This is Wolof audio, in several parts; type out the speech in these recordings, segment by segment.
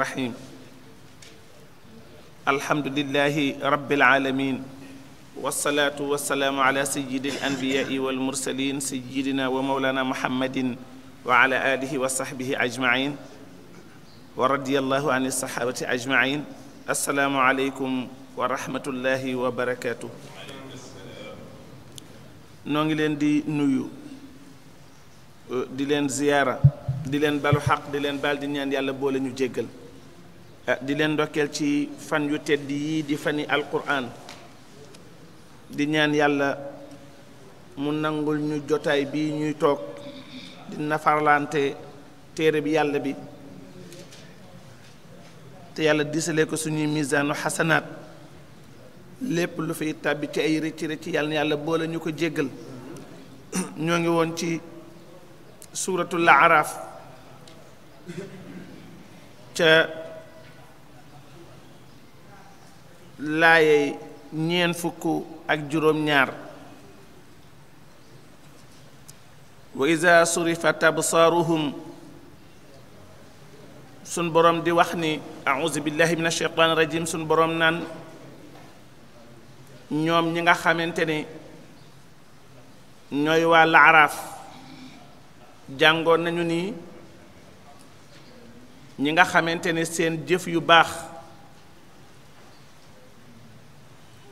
rahim alhamdulilahi rabbil alamin wasalaatu wasalaamu ala sayidi al anbiyaai wal mursalin sayidina wa mawlana muhammadin wa ala alihi wa sahbihi ajmain wa radiallahu an sahabati ajmain assalaamu aleykum wa rahmatullahi wa barakaatu noo ngi leen di nuyu di leen ziyaara di leen balu xaq di leen baal di ñaan yàlla boole ñu jéggal Eh, di leen ndokkeel ci fan yu tedd yii di fani alquran di ñaan yàlla mu nangul ñu jotaay bi ñuy toog di nafarlante téere bi yàlla bi te yàlla disalee ko suñuy misaanu xasanaat lépp lu fay tàbbi ci ay rëcc ci yàlla yàlla boole ñu ko jéggal ñoo ngi woon ci suuratul Araaf ca laayey ñeen fukk ak juróom-ñaar wa iza surifat absaaruhum sun boroom di wax ni auzu billahi min asheytaan rajim sun boroom naan ñoom ñi nga xamante ni ñooy waa laaraaf jàngoon nañu ni ñi nga xamante ni seen jëf yu baax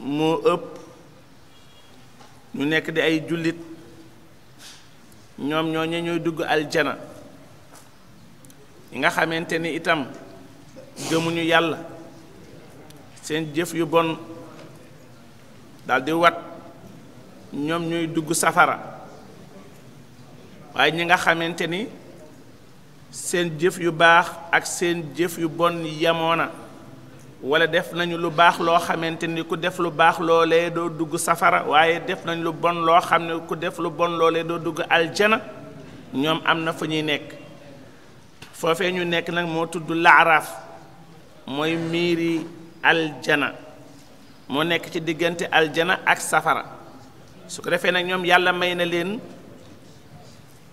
moo ëpp ñu nekk di ay jullit ñoom ñoo ñe ñooy dugg aljana ñi nga xamante ni itam gëmuñu yàlla seen jëf yu bon daldi wat ñoom ñooy dugg safara waaye ñi nga xamante ni seen jëf yu baax ak seen jëf yu bon yamoona wala def nañu lu baax loo xamante ni ku def lu baax loole doo dugg safara waaye def nañ lu bon loo xam ne ku def lu bon loolee doo dugg aljana ñoom am na fu ñuy nekk foofee ñu nekk nag moo tudd laaraaf mooy miiri aljana moo nekk ci diggante aljana ak safara su ko defee nag ñoom yàlla may na leen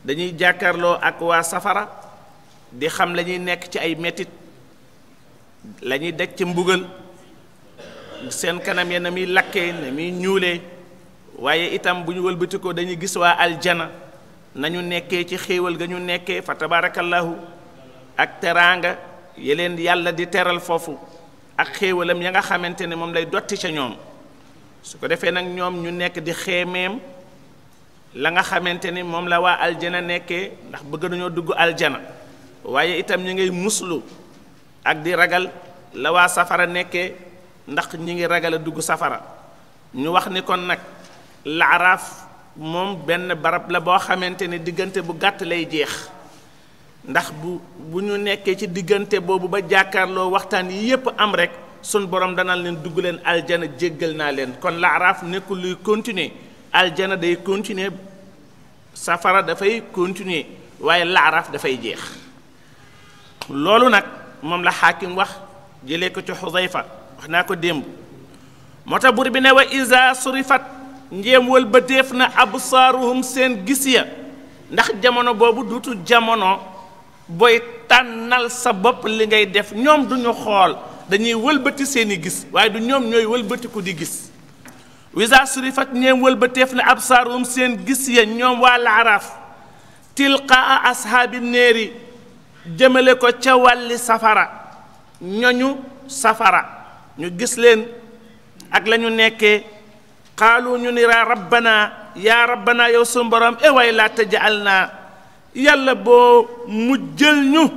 dañuy jàkkarloo ak waa safara di xam lañuy nekk ci ay metit lañuy ñuy ci mbugal seen kanam ya na muy lakkee na muy ñuulee waaye itam bu ñu wëlbatikoo dañuy gis waa aljana nañu nekkee ci xéewal ga ñu nekkee fa tabarakallahu ak teraanga ya leen yàlla di teral foofu ak xéewalam ya nga xamante ne moom lay dotti ca ñoom su ko defee nag ñoom ñu nekk di xeemeem la nga xamante ni moom la waa aljana nekkee ndax bëgg nañoo dugg aljana waaye itam ñu ngay muslu ak di ragal la waa safara nekkee ndax ñi ngi ragal a dugg safara ñu wax ni kon nag laaraaf moom benn barab la boo xamante ne diggante bu gàtt lay jeex ndax bu bu ñu nekkee ci diggante boobu ba jàkkaarloo waxtaan yi yépp am rekk sun borom dana leen dugg leen aljana jéggal naa leen kon laaraaf nekkul luy continuer aljana day continuer safara dafay continuer waaye laaraaf dafay jeex loolu nag moom la xaakim wax jëlee ko ci xusayfa wax naa ko démb moo tax bur bi ne wa isa surifat njéem wal ba déef na absaaruhum seen gis ya ndax jamono boobu duutu jamono booy tànnal sa bopp li ngay def ñoom duñu xool dañuy wëlbati seeni gis waaye du ñoom ñooy wëlbatiku di gis wisa surifat ñeem wëlbateef na absaaruhum seen gis ya ñoom waa laaraaf tilqaa ashaabi néeri jëmale ko ca wàlli safara ñoñu safara ñu gis leen ak lañu ñu nekkee xaalu ñu ni rabbana yaa rabbana yow suñu borom ewaay laa tajal naa yàlla boo mu jël ñu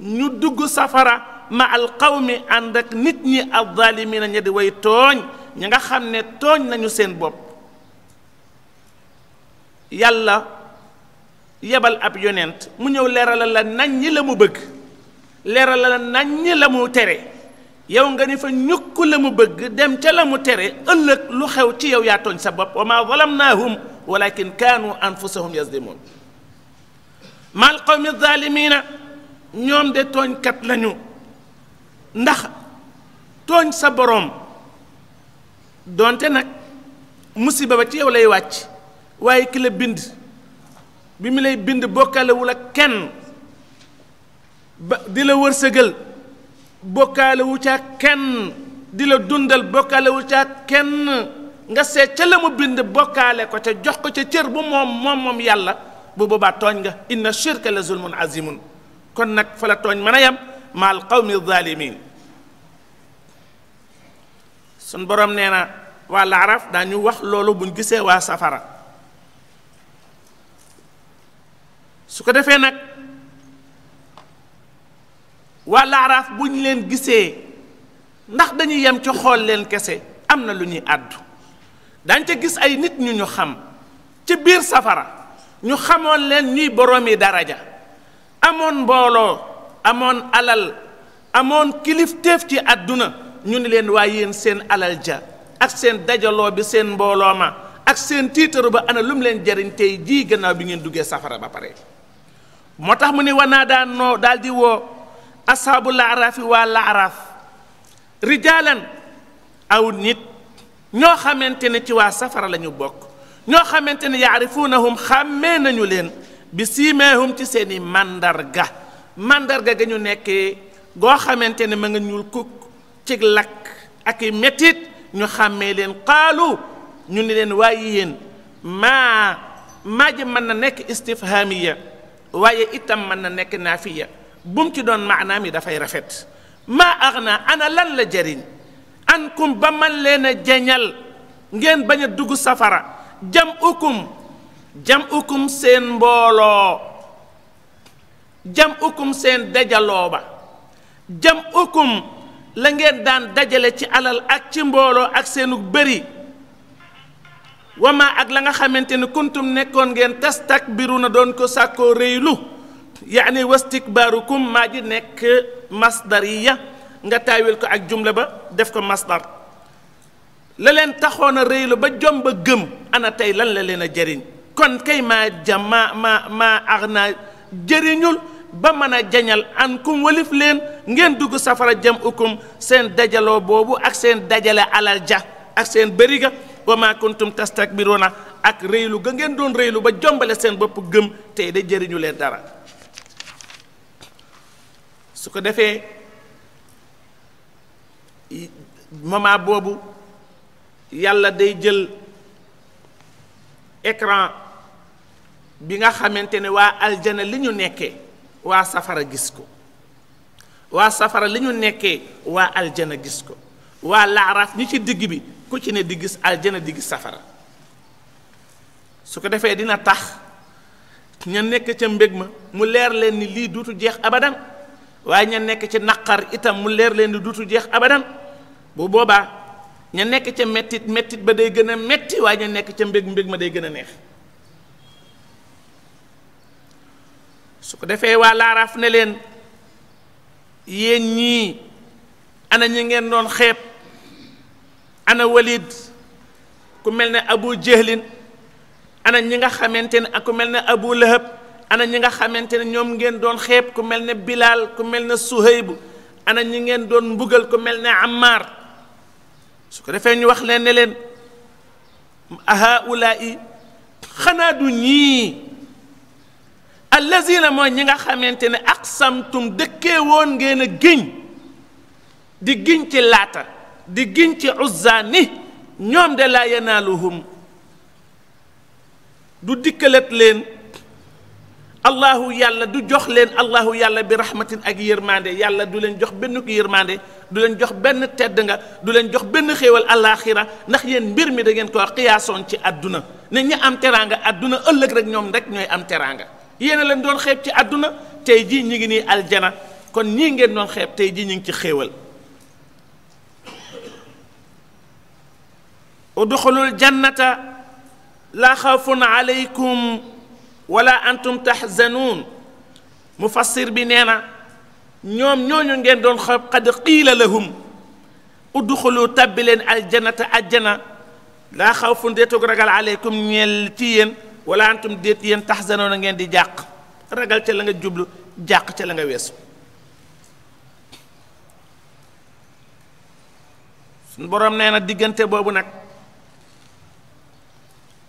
ñu dugg safara ma alxaw mi ànd ak nit ñi addalimina ña di way tooñ ñi nga xam ne tooñ nañu seen bopp yàlla yebal ab yonent mu ñëw leeralal la nañ la mu bëgg leeralal la nañ ñi la mu tere yow nga ni fa ñukk la mu bëgg dem ca la mu tere ëllëg lu xew ci yow yaa tooñ sa bopp wa maa zalamnaahum walakin kaanu anfusahum yazlimuun maal qawmi zaalimiina ñoom de tooñkat lañu ndax tooñ sa boroom doonte nag musiba ba ci yow lay wàcc waaye kila bind bi mu lay bind bokkaalewul ak kenn ba di la wërsëgal bokkalewu ca kenn di la dundal bokkaalewu ca kenn nga seet ca la mu bind bokkaale ko ca jox ko ca cër bu moom moom moom yàlla bu boobaa tooñ nga inna shirka la zulmun azimun kon nag fa la tooñ mën a yem ma al qawmi zalimin sun borom nee na waa laaraf daañu wax loolu buñ gisee waa safara su ko defee nag waa laaraaf bu ñu leen gisee ndax dañu yem ci xool leen kese am na lu ñuy àddu dañ ca gis ay nit ñu ñu xam ci biir safara ñu xamoon leen ñuy boroomi daraja amoon mbooloo amoon alal amoon kilifteef ci àdduna ñu ni leen waa yéen seen alal ja ak seen dajaloo bi seen mbooloo ma ak seen tiitaru ba ana lu mu leen jariñ tey jii gannaaw bi ngeen duggee safara ba pare moo tax mu ni wanaa daan noo daal di woo asxaabu laaraaf yi waa laaraaf rijaalan aw nit ñoo xamante ne ci waa safara lañu bokk ñoo xamante ne yaarifuunahum xàmmee nañu leen bi siimeehum ci seeni màndarga màndarga ga ñu nekkee goo xamante ne ma nga ñuul kuk ci lakk ak i métit ñu xàmme leen qaalu ñu ni leen waaye yéen maa maa ji mën na nekk istifhamiya waaye itam mën na nekk naafiya bu mu ci doon maanaam yi dafay rafet maa axna ana lan la jëriñ ankum ba man leen a jañal ngeen bañ a dugg safara jam ukum jam ukum seen mbooloo jam ukum seen dajaloo ba jam ukum la ngeen daan dajale ci alal ak ci mbooloo ak seenu bëri wama ak la nga xamante ne kuntum nekkoon ngeen biru na doon ko sàkkoo réylu baaru wastikbaarukum maa ji nekk masdariya nga taawil ko ak jumla ba def ko masdar la leen taxoon a réylu ba jom ba gëm ana tey lan la leen a jëriñ kon kay maa jam maa maa maa ax naa jëriñul ba mën a jañal an kum walif leen ngeen dugg safara jam ukum seen dajaloo boobu ak seen dajale alal ja ak seen bëriga wa ma kuntum tastakbiruna ak réylu ga ngeen doon réylu ba jombale seen bopp gëm tey de jëriñu leen dara su ko defee moment boobu yàlla day jël écran bi nga xamante ne waa aljana li ñu nekkee waa safara gis ko waa safara li ñu nekkee waa aljana gis ko waa laaraaf ñi ci digg bi ku ci ne di gis aljana di gis safara su ko defee dina tax ña nekk ca mbég ma mu leer leen ni lii duutu jeex abadan waaye ña nekk ci naqar itam mu leer leen ni duutu jeex abadan bu boobaa ña nekk ca mettit mettit ba day gën a metti waaye ña nekk ca mbég mbég ma day gën a neex su ko defee waa laaraaf ne leen yéen ñii ana ñi ngeen doon xeeb ana walid ku mel ne abu jahlin ana ñi nga xamante ne ak ku mel ne abu lahab ana ñi nga xamante ne ñoom ngeen doon xeeb ku mel ne bilaal ku mel ne suhaybu ana ñi ngeen doon mbugal ku mel ne ammaar su ko defee ñu wax leen ne leen ahaulaa'i xanaa du ñii allazina mooy ñi nga xamante ne ak aqsamtum dëkkee woon ngeen a giñ di giñ ci laata di giñ ci uzza ni ñoom de laa yanaaluhum du dikkalat leen allahu yàlla du jox leen allahu yàlla bi rahmatin ak yërmande yàlla du leen jox benn ko du leen jox benn tedd nga du leen jox benn xéewal àllaaxira ndax yéen mbir mi da ngeen koo xiyaasoon ci àdduna ne ñi am teraanga àdduna ëllëg rek ñoom rek ñooy am teraanga yéen a leen doon xeeb ci àdduna tey jii ñu ngi nii aljana kon ñii ngeen doon xeeb tey jii ñu ngi ci xéewal udxulul jannata laa xawfun aleykum wala antum taxzanuun mufassir bi nee na ñoom ñooñu ngeen doon xaw qad qiila lahum udxulu tàbbi leen aljannata ajjana laa xawfun déetug ragal aleykum ñeel ci yéen wala antum déet yéen taxzanuun a ngeen di jàq ragal ca la nga jublu jàq ca la nga weesu suñu boroom nee na diggante boobu nag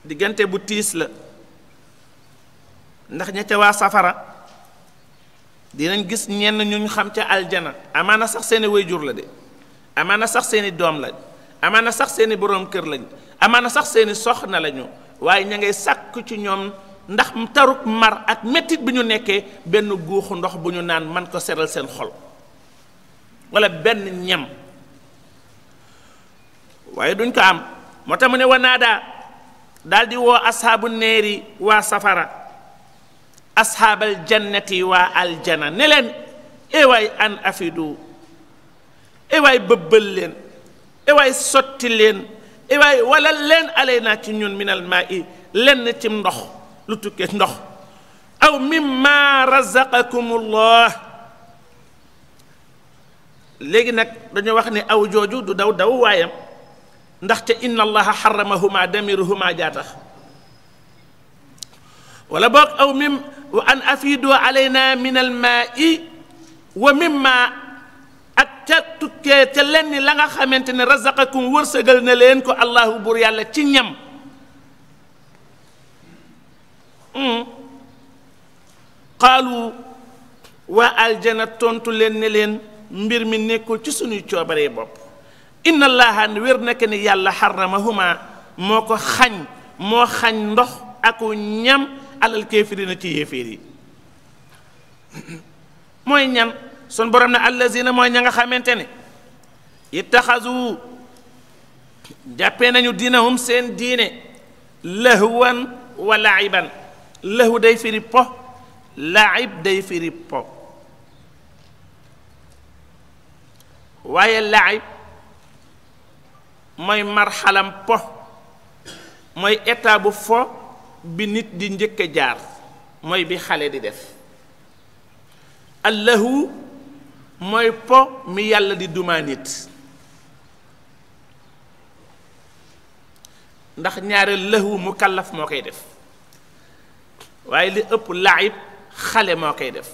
diggante bu tiis la ndax ña ca waa safara dinañ gis ñenn ñu ñuñ xam ca aljana amaana sax seeni wayjur la de amaana sax seeni doom la lañ amaana sax seeni boroom kër lañ amaana sax seeni soxna lañu waaye ña ngay sàkk ci ñoom ndax taruk mar ak mettit bi ñu nekkee benn guuxu ndox bu ñu naan man ko seral seen xol wala benn ñam waaye duñ ko am moo tax mu ne wanaadaa daldi woo asxaabu neeri waa safara asxaabal jannati waa aljana ne leen ewaay eh an afidu ewaay eh bëbbal leen ewaay eh sotti leen ewaay walla leen alaynaa ci ñun minal maa lenn ci ndox lu tukkee ndox aw mimma razaqakumullah léegi nag dañu wax ni aw jooju du daw daw waayam ndaxte inna allaha xaramahuma damiruhuma jaa tax wala boog aw mim wa an afiidu alayna min almaai wa mimma ak ca tukkee ca lenn la nga xamante ne razaqakum wërsëgal na leen ko allahu buur yàlla ci ñam hmm. qaalu waa aljana tontu leen leen mbir mi nekkul ci suñuy coobaree bopp inna allaha wér nekk ni yàlla xaramahuma moo ko xañ moo xañ ndox aku ñam alal kéefirina ci yéeféer yi mooy ñan sun borom na allazina mooy ña nga xamante ne ittaxasu jàppe nañu diinahum seen diine lahwan wa laiban lahu day firi po day firi po waaye laib mooy marxalam po mooy état bu fo bi nit di njëkk a jaar mooy bi xale di def allahu mooy po mi yàlla di dumaa nit ndax ñaare lëhu mu kallaf moo koy def waaye li ëpp laayib xale moo koy def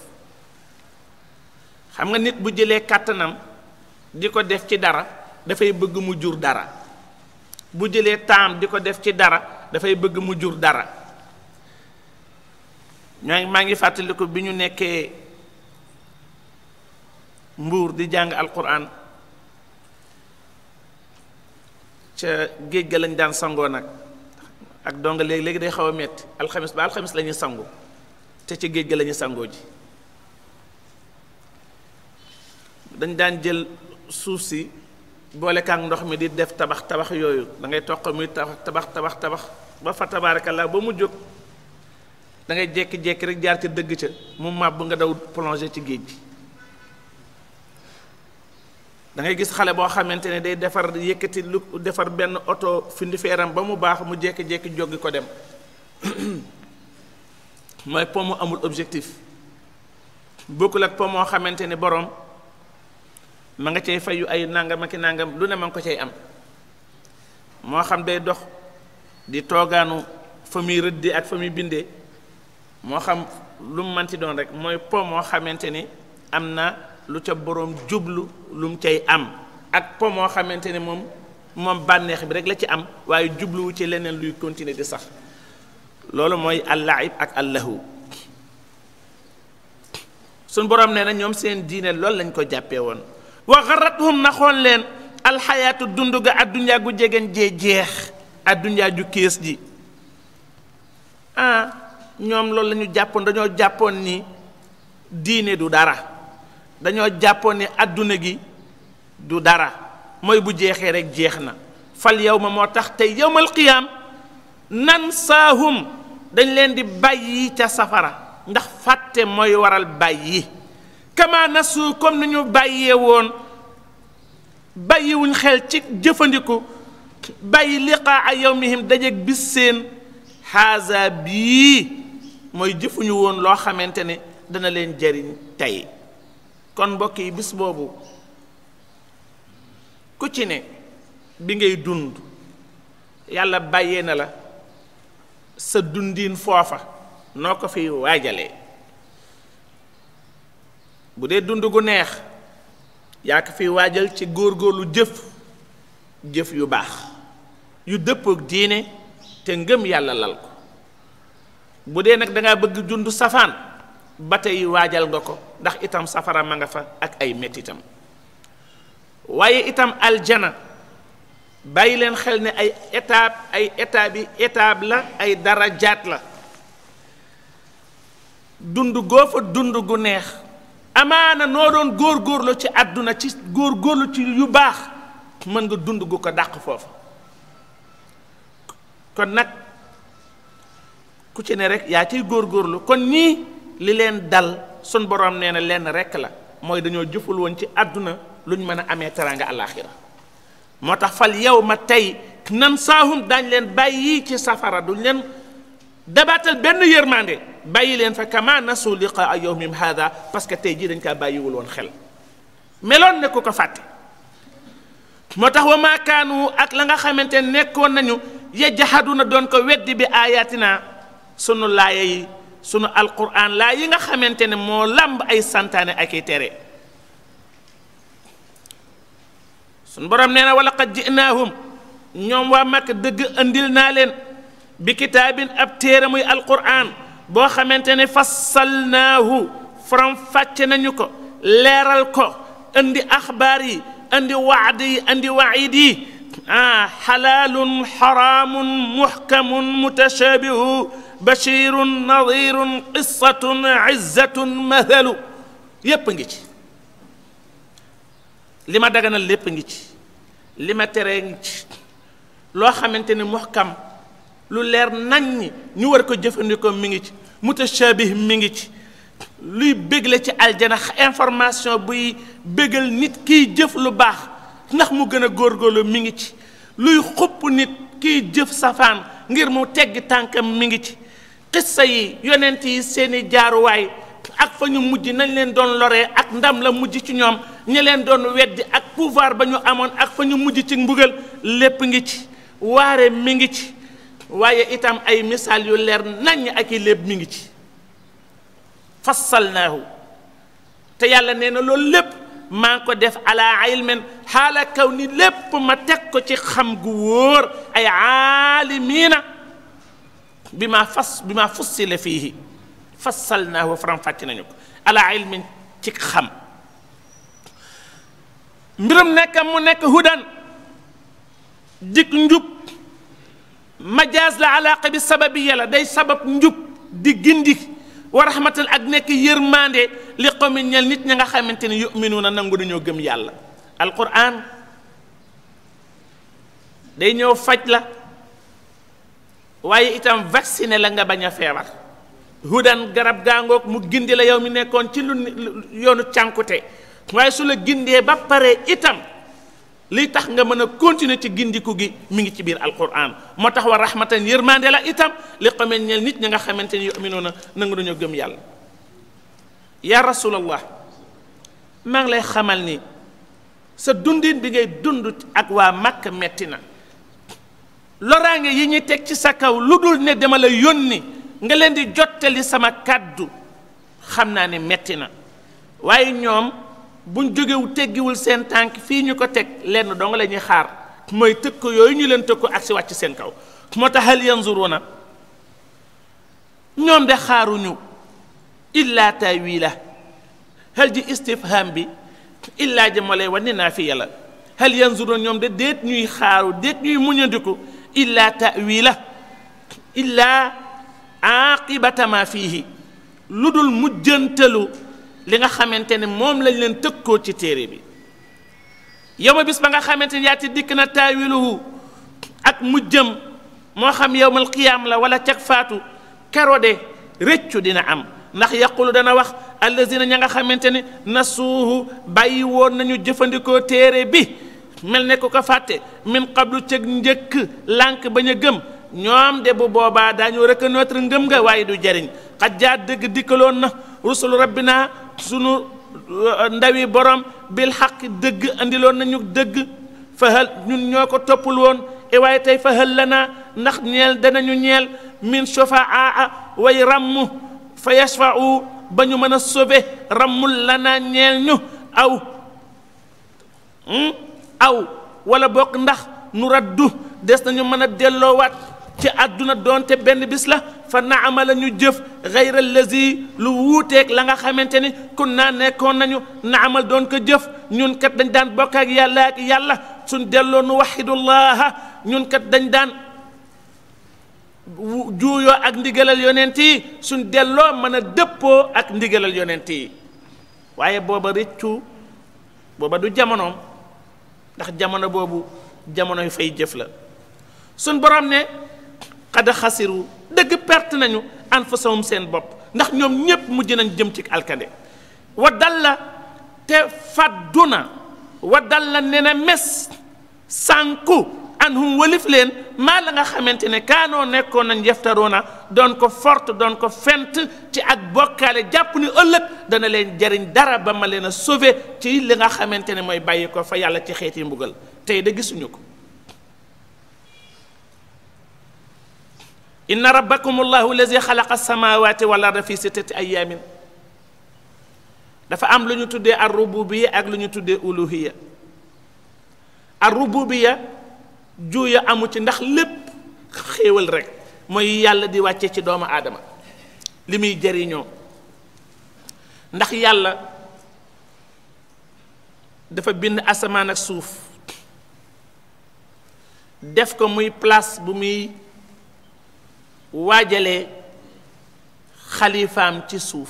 xam nga nit bu jëlee kàttanam di ko def ci dara dafay bëgg mu jur dara bu jëlee temps di ko def ci dara dafay bëgg mu jur dara ñoo maa ngi fàttaliku bi ñu nekkee mbuur di jàng alquran ca géej ga lañ daan sangoo nag ak donga léegi léegi day xaw a metti alxamis ba alxamis la ñuy te ca géej ga la sangoo ji dañ daan jël suuf si boole ndox mi di def tabax tabax yooyu da toq muy tabax tabax tabax ba fa tabaarakallaa ba mu jóg dangay ngay jékki-jékki rek jaar ca dëgg ca mu màbb nga daw plongé ci géej gi da gis xale boo xamante ne day defar yëkkati lu defar benn oto findi feeram ba mu baax mu jékki-jékki joggi ko dem mooy po mu amul objectif bokkul ak po moo xamante ne boroom ma nga cay fayu ay nangam ak nangam lu ne ma ko cay am moo xam day dox di toogaanu fa muy rëddee ak fa muy bindee moo xam lu mu manti doon rek mooy po moo xamante ni am na lu ca boroom jublu lu mu cay am ak po moo xamante ni moom moom bànneex bi rek la ci am waaye jubluwu ci leneen luy continuer di sax loolu mooy allaib ak allahu suñ boroom nee na ñoom seen diine loolu lañ ko jàppee woon wa xarathum naxoon leen alxayaatu dund ga addunyaa gu jegen jee jeex addunyaa ju kees ji ah, ñoom loolu lañu jàppoon dañoo jàppoon ni diine du dara dañoo jàppoon ni àdduna gi du dara mooy bu jeexee rekk jeex na fal yow ma moo tax tey yowmal qiyaam nan saahum dañ leen di bàyyi ca safara ndax fàtte mooy waral bàyyi kama nasu comme ni ñu bàyyee woon bàyyiwuñ xel ci jëfandiku bàyyi liqaa yawmihim dajeeg bis seen xaasa bii mooy jëfuñu woon loo xamante ne dana leen jariñ tey kon mbokk yi bis boobu ku ci ne bi ngay dund yàlla bàyyee na la sa dundiin foofa noo ko fiy waajalee bu dee dund gu neex yaa ko fiy waajal ci góor góorlu jëf jëf yu baax yu dëppook diine te ngëm yàlla lal ko bu dee nag dangaa bëgg dund safaan ba tey waajal nga ko ndax itam safara ma nga fa ak ay mettitam waaye itam aljana bàyyi leen xel ne ay étape ay étape yi la ay darajaat la dund goo fa dund gu neex amaana noo doon góorgóorlu ci àdduna ci góor góorlu ci yu baax mën nga dund gu ko dàq foofu kon nag ku ci ne rek yaa ciy góorlu kon ñii li leen dal sun borom nee na lenn rekk la mooy dañoo jëful woon ci àdduna luñ mën a amee teraanga alaaxira moo tax fal yow ma tey nan saahum daañ leen bàyyi ci safara duñ leen dabaatal benn yërmande bàyyi leen fa kama nasu liqaa yow hada parce que tey jii dañ kaa bàyyiwul woon xel meloon ne ku ko fàtte moo tax wa maakaanu ak la nga xamante nekkoon nañu na doon ko weddi bi ayatina sunu laaya yi sunu alquran laa yi nga xamante ne moo làmb ay santaane ak i tere sunu borom nee na wala qad ji'naahum ñoom waa makk dëgg andil naa leen bi kitaabin ab téere muy alquran boo xamante ne fassalnaahu fram fàcce nañu ko leeral ko indi axbaar yi indi waad yi indi waid yi ah xalaalun xaraamun muxkamun mutashaabihu bashirun nadirun qissatun izzatun mathalu yépp ngi ci lima ma daganal lépp ngi ci li ma teree ngi ci loo xamante ne muxkam lu leer nañ ñi ñu war ko jëfandikoo mi ngi ci mu mutashabih mi ngi ci luy bégle ci aljana information buy bégal nit kiy jëf lu baax ndax mu gën a góor góorgóorlu mi ngi ci luy xupp nit kiy jëf safaan ngir mu tegg tànkam mi ngi ci xissa yi yonent yi seeni jaaruwaay ak fa ñu mujj nañ leen doon lore ak ndam la mujj ci ñoom ñi leen doon weddi ak pouvoir ba ñu amoon ak fa ñu mujj ci mbugal lépp ngi ci waare mi ngi ci waaye itam ay misaal yu leer naññ ak i léeb mi ngi ci fassalnaahu te yàlla nee na lool lépp maa ko def ala ilmin xaala kaw ni lépp ma teg ko ci xam gu wóor ay aalimiina bi ma fas bi maa fussila fiihi fassalnaahu faram fàcc nañu ko ala ilmin ci xam mbirum nekk mu nekk hudan dik njub majaas la alaaqa bi sababiya la day sabab njub di gindi xamante rahmatan ak nekk yërmande li qawmi nit ña nga xamante ne na nangu dañoo gëm yàlla alquran day ñëw faj la waaye itam vacciné la nga bañ a feebar hudan garab gaangoog mu gindi la yow mi nekkoon ci lu yoonu cànkute waaye su la gindee ba pare itam li tax nga mën a continuer ci gindiku gi mu ngi ci biir alquran moo tax wa rahmatan yërmande la itam li xamee ñeel nit ñi nga xamante ni yuminoona nangu dañoo gëm yàlla yaa rasulallah maa ngi lay xamal ni sa dundin bi ngay dund ak waa Makka metti na loraange yi ñu teg ci sa kaw lu dul ne dama la yónni nga leen di jottali sama kàddu xam naa ne metti na waaye ñoom buñ jógewu teggiwul seen tànk fii ñu ko teg lenn dong la ñuy xaar mooy tëkk yooyu ñu leen tëkk ak si wàcc seen kaw moo tax hal yanzuruna ñoom de xaaru illaa taawila hal ji istifham bi illaa ji ma lay wan ni naa fi yàlla hal yanzuruna ñoom de déet ñuy xaaru déet ñuy muñandiku illaa la illaa aqibata ma fiihi lu dul mujjantalu li nga xamante ne moom lañ leen koo ci téere bi yow ma bis ba nga xamante ni yaa yaati dikk na taawiluhu ak mu jëm moo xam yowmal qiyaam la wala cag faatu kerode rëccu dina am ndax yaqulu dana wax allazina ña nga xamante ni nasuuhu bàyyi woon nañu jëfandikoo téere bi mel ne ku ko fàtte min qablu cëg njëkk lànk bañ a gëm ñoom de bu boobaa daañu reconnaître ngëm nga waaye du jariñ xajjaat dëgg dikkaloon na rusul naa sunu euh, ndawi borom bil xaq dëgg andiloon nañu dëgg fahal ñun ñoo ko toppul woon e waaye tey fahal lana ndax ñeel danañu ñeel min shufaa way ràmm fa yashfau ba ñu mën a sobe ràmmul lana ñeel ñu aw hmm, aw wala bokk ndax nu ràddu des nañu mën a delloowaat ci àdduna doonte benn bis la fa naamala ñu jëf gayra lazi lu wuuteeg la nga xamante ni kun naa nekkoon nañu naamal doon ko jëf ñunkat dañ daan bokk ak yàlla yàlla suñ delloo nu waxidullaha ñun kat dañ daan juuyoo ak ndigalal yonent yi suñ delloo mën a dëppoo ak ndigalal yonent yi waaye booba rëccu booba du jamonoom ndax jamono boobu jamono fay jëf la suñ borom ne xada xasiru dëgg perte nañu an anfusahum seen bopp ndax ñoom ñépp mujj nañ jëm ci alkande wa la te fàddu na wa la ne na mes sànku anhum walif leen maa la nga xamante ne kaanoo nekkoon nañ na doon ko forte doon ko fent ci ak bokkaale jàpp ni ëllëg dana leen jariñ dara ba ma leen a ci li nga xamante ne mooy bàyyi ko fa yàlla ci xeeti mbugal tey de gisuñu ko inna rabbakum allahu lazi xalaqa samawati wal arda fi ayamin dafa am lu ñu tuddee ar rububiya ak lu ñu tuddee uluhiya ar rububiya juuya amu ci ndax lépp xéewal rekk mooy yàlla di wàcce ci doomu aadama li muy jariñoo ndax yàlla dafa bind asamaan ak suuf def ko muy place bu muy waajalee xalifaam ci suuf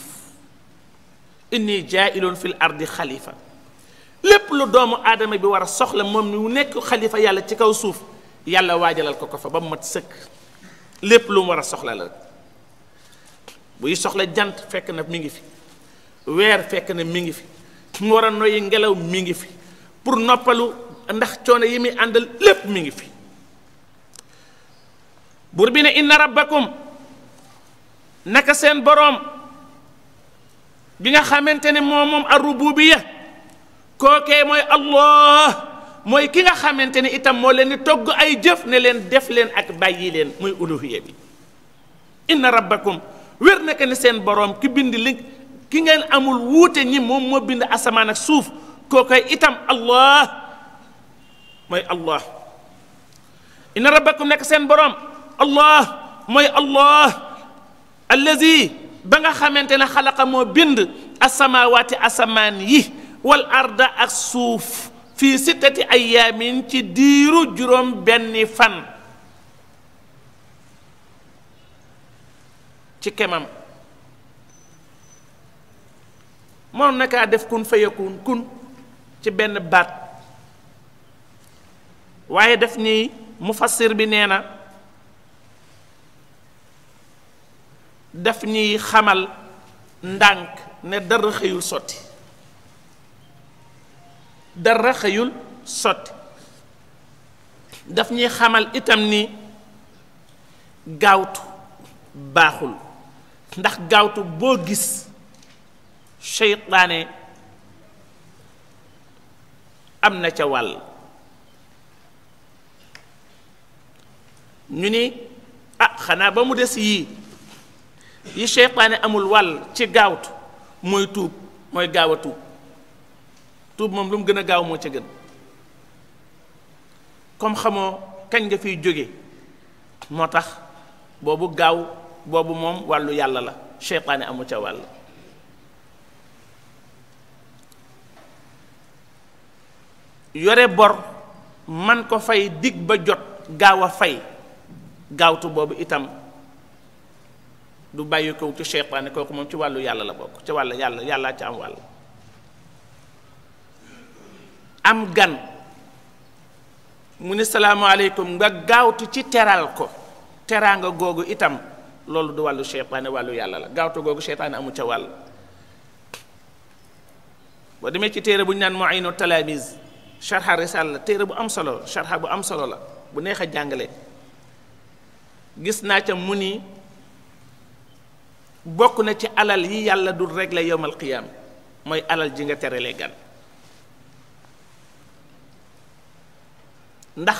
inni jaa'ilun fi ardi xalifa lépp lu doomu aadama bi war a soxla moom mu nekk xalifa yàlla ci kaw suuf yàlla waajalal ko ko fa ba mu mat sëkk lépp lu mu war a soxla la buy soxla jant fekk na mi ngi fi weer fekk na mi ngi fi mu war a noyyi ngelaw mi ngi fi pour noppalu ndax coono yi muy àndal lépp mi ngi fi buur bi ne inna rabbakum naka seen boroom bi nga xamante ne moom moom ar-rububiya kookee mooy allah mooy ki nga xamante ne itam moo leen di togg ay jëf ne leen def leen ak bàyyi leen muy uluhiya bi inna rabbakum wér na ne seen boroom ki bind li ki ngeen amul wuute ñi moom moo bind asamaan ak suuf kookoy itam allah mooy allah inna rabbakum nekk seen boroom allah mooy allah allazi ba nga xamante ne xalaqa moo bind asamawaati asamaan yi wal arda ak suuf fii sittati ayaamin ci diiru juróom benni fan ci kemam moom nakaa def kun fayakun kun ci benn baat waaye def ni mufassir bi nee na daf ñuy xamal ndànk ne dara xëyul sotti dara xëyul sotti daf ñuy xamal itam ni gaawtu baaxul ndax gaawtu boo gis seytaane am na ca wàll ñu ni ah xanaa ba mu des yii yi seytaane amul wàll ci gaawtu mooy tuub mooy gaaw a tuub tuub moom lu mu gën a gaaw moo ca gën comme xamoo kañ nga fiy jóge moo tax boobu gaaw boobu moom wàllu yàlla la seytaane amul ca wàll yore bor man ko fay dig ba jot gaaw a fay gaawtu boobu itam du bàyyi ko ci seytaane kooku moom ci wàllu yàlla la bokk ci wàllu yàlla yàllaa ci am wàll am gan mu ne salaamaaleykum nga gaawtu ci teral ko teraanga googu itam loolu du wàllu seytaane wàllu yàlla la gaawtu googu seytaane amu ca wàll boo demee ci téere bu ñu naan muayinu talamis sharha risala la téere bu am solo sharha bu am solo la bu neex a jàngale gis naa ca mu ni bokk na ci alal yi yàlla dul régler yowmal qiyaam mooy alal ji nga terale gan ndax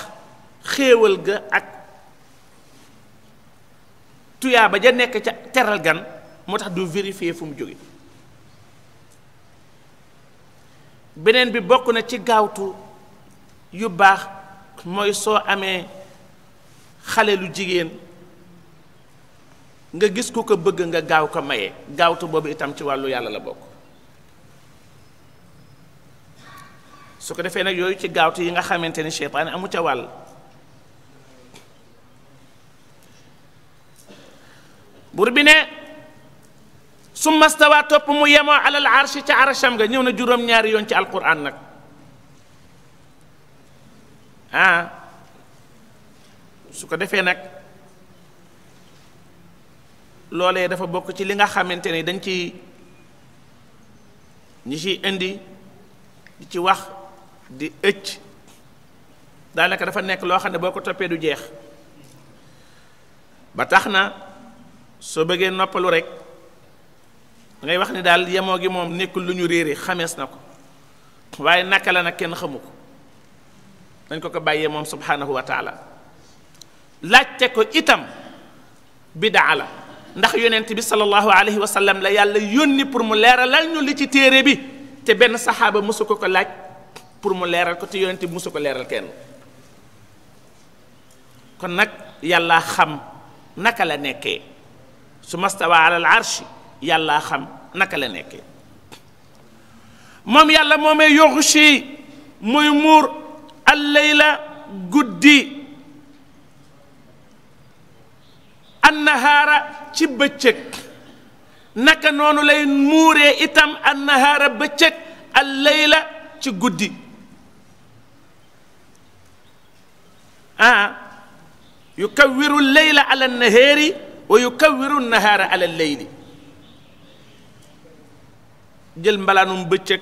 xéewal ga ak tuyaaba ja nekk ca teral gan moo tax du vérifier fu mu jóge beneen bi bokk na ci gaawtu yu baax mooy soo amee xale lu jigéen nga gis ku ko bëgg nga gaaw ko maye gaawtu boobu itam ci wàllu yàlla la bokk su ko defee nag yooyu ci gaawtu yi nga xamante ni seytaane amu ca wàll bur bi ne su mastawa topp mu yemoo alal arshi ca arasham nga ñëw na juróom-ñaari yoon ci alquran nag ah su ko defee nag loolee dafa bokk ci li nga xamante ni dañ ci ñi ci indi di ci wax di ëcc daanaka dafa nekk loo xam ne boo ko toppee du jeex ba tax na soo bëggee noppalu rek ngay wax ni daal yemoo gi moom nekkul lu ñu réere xamees na ko waaye naka la na kenn xamu ko dañ ko ko bàyyee moom subhanahu wa taala laajte ko itam bidaa la ndax yonent bi sallallahu alayhi wa sallam la yàlla yónni pour mu leeralal ñu li ci téere bi te benn saxaaba mosu ko laaj pour mu leeral ko te yonent bi mosu ko leeral kenn kon nag yàlla xam naka la nekkee su mastawa ala al xam naka la nekkee moom yàlla moomee yughshi muy muur al layla guddi annahaara ci bëccëg naka noonu lay muuree itam annahaara bëccëg al layla ci guddi ah yukawiru leyla ala nahaari wa yukawiru nahaara ala leyli jël mbalaanum bëccëg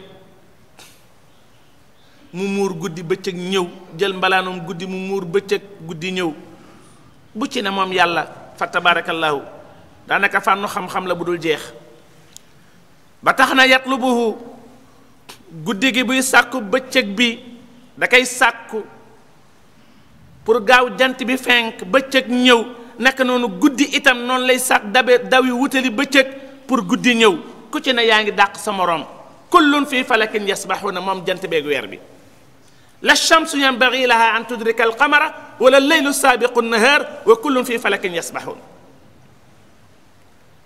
mu muur guddi bëccëg ñëw jël mbalaanum guddi mu muur bëccëg guddi ñëw bu ci ne moom yàlla fa tabaarakallaahu daanaka fànnu xam-xam la bu dul jeex ba tax na yatlubuhu guddi gi buy sàkku bëccëg bi da koy sàkku pour gaaw jant bi fenk bëccëg ñëw naka noonu guddi itam noonu lay sàkk dabe dawi wutali bëccëg pour guddi ñëw ku ci ne yaa ngi dàq sa moroom kullun fii falakin yasbaxuuna moom jant beeg weer bi la shamsu yanbagi laha an tudrika alqamara wala leylu saabiqu nnahaar wa kullun fii falakin yasbaxuun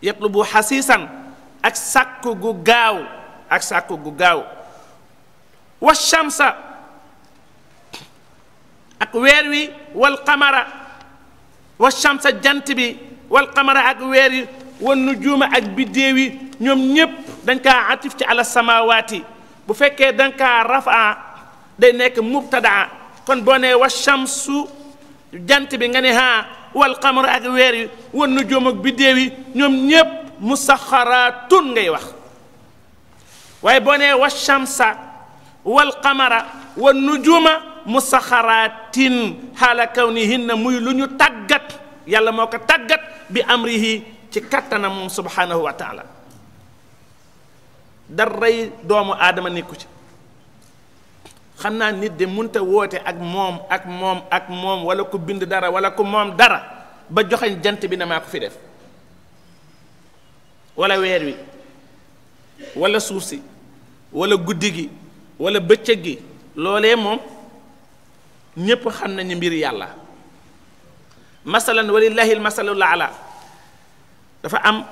yatlubu xasiisan ak sàkku gu gaaw ak sàkku gu gaaw wa shamsa ak weer wi wal qamara wa shamsa jant bi wal qamara ak weer yi wa nujuuma ak biddéew yi ñoom ñépp dañ ka atif ci ala samaawaati bu fekkee dañ kaa rafaa day nekk mubtadaa kon boo nee wa shamsu jant bi nga ne haa wal xamar ak weer yi wan nu joom ak biddéew ñoom ñépp musaxaraatun ngay wax waaye boo nee wa shamsa wal qamara wa nujuma musaxaraatin xaala kawnihinna muy lu ñu tàggat yàlla moo ko tàggat bi amrihi ci kattanam moom subhaanahu wa daray doomu aadama nekku ci xam naa nit de mënut a woote ak moom ak moom ak moom wala ku bind dara wala ku moom dara ba joxeñ jant bi na maa ko fi def wala weer wi wala suuf si wala guddi gi walla bëccëg gi loolee moom ñépp xam nañu mbir yàlla masalan walillaahi masalul ala dafa am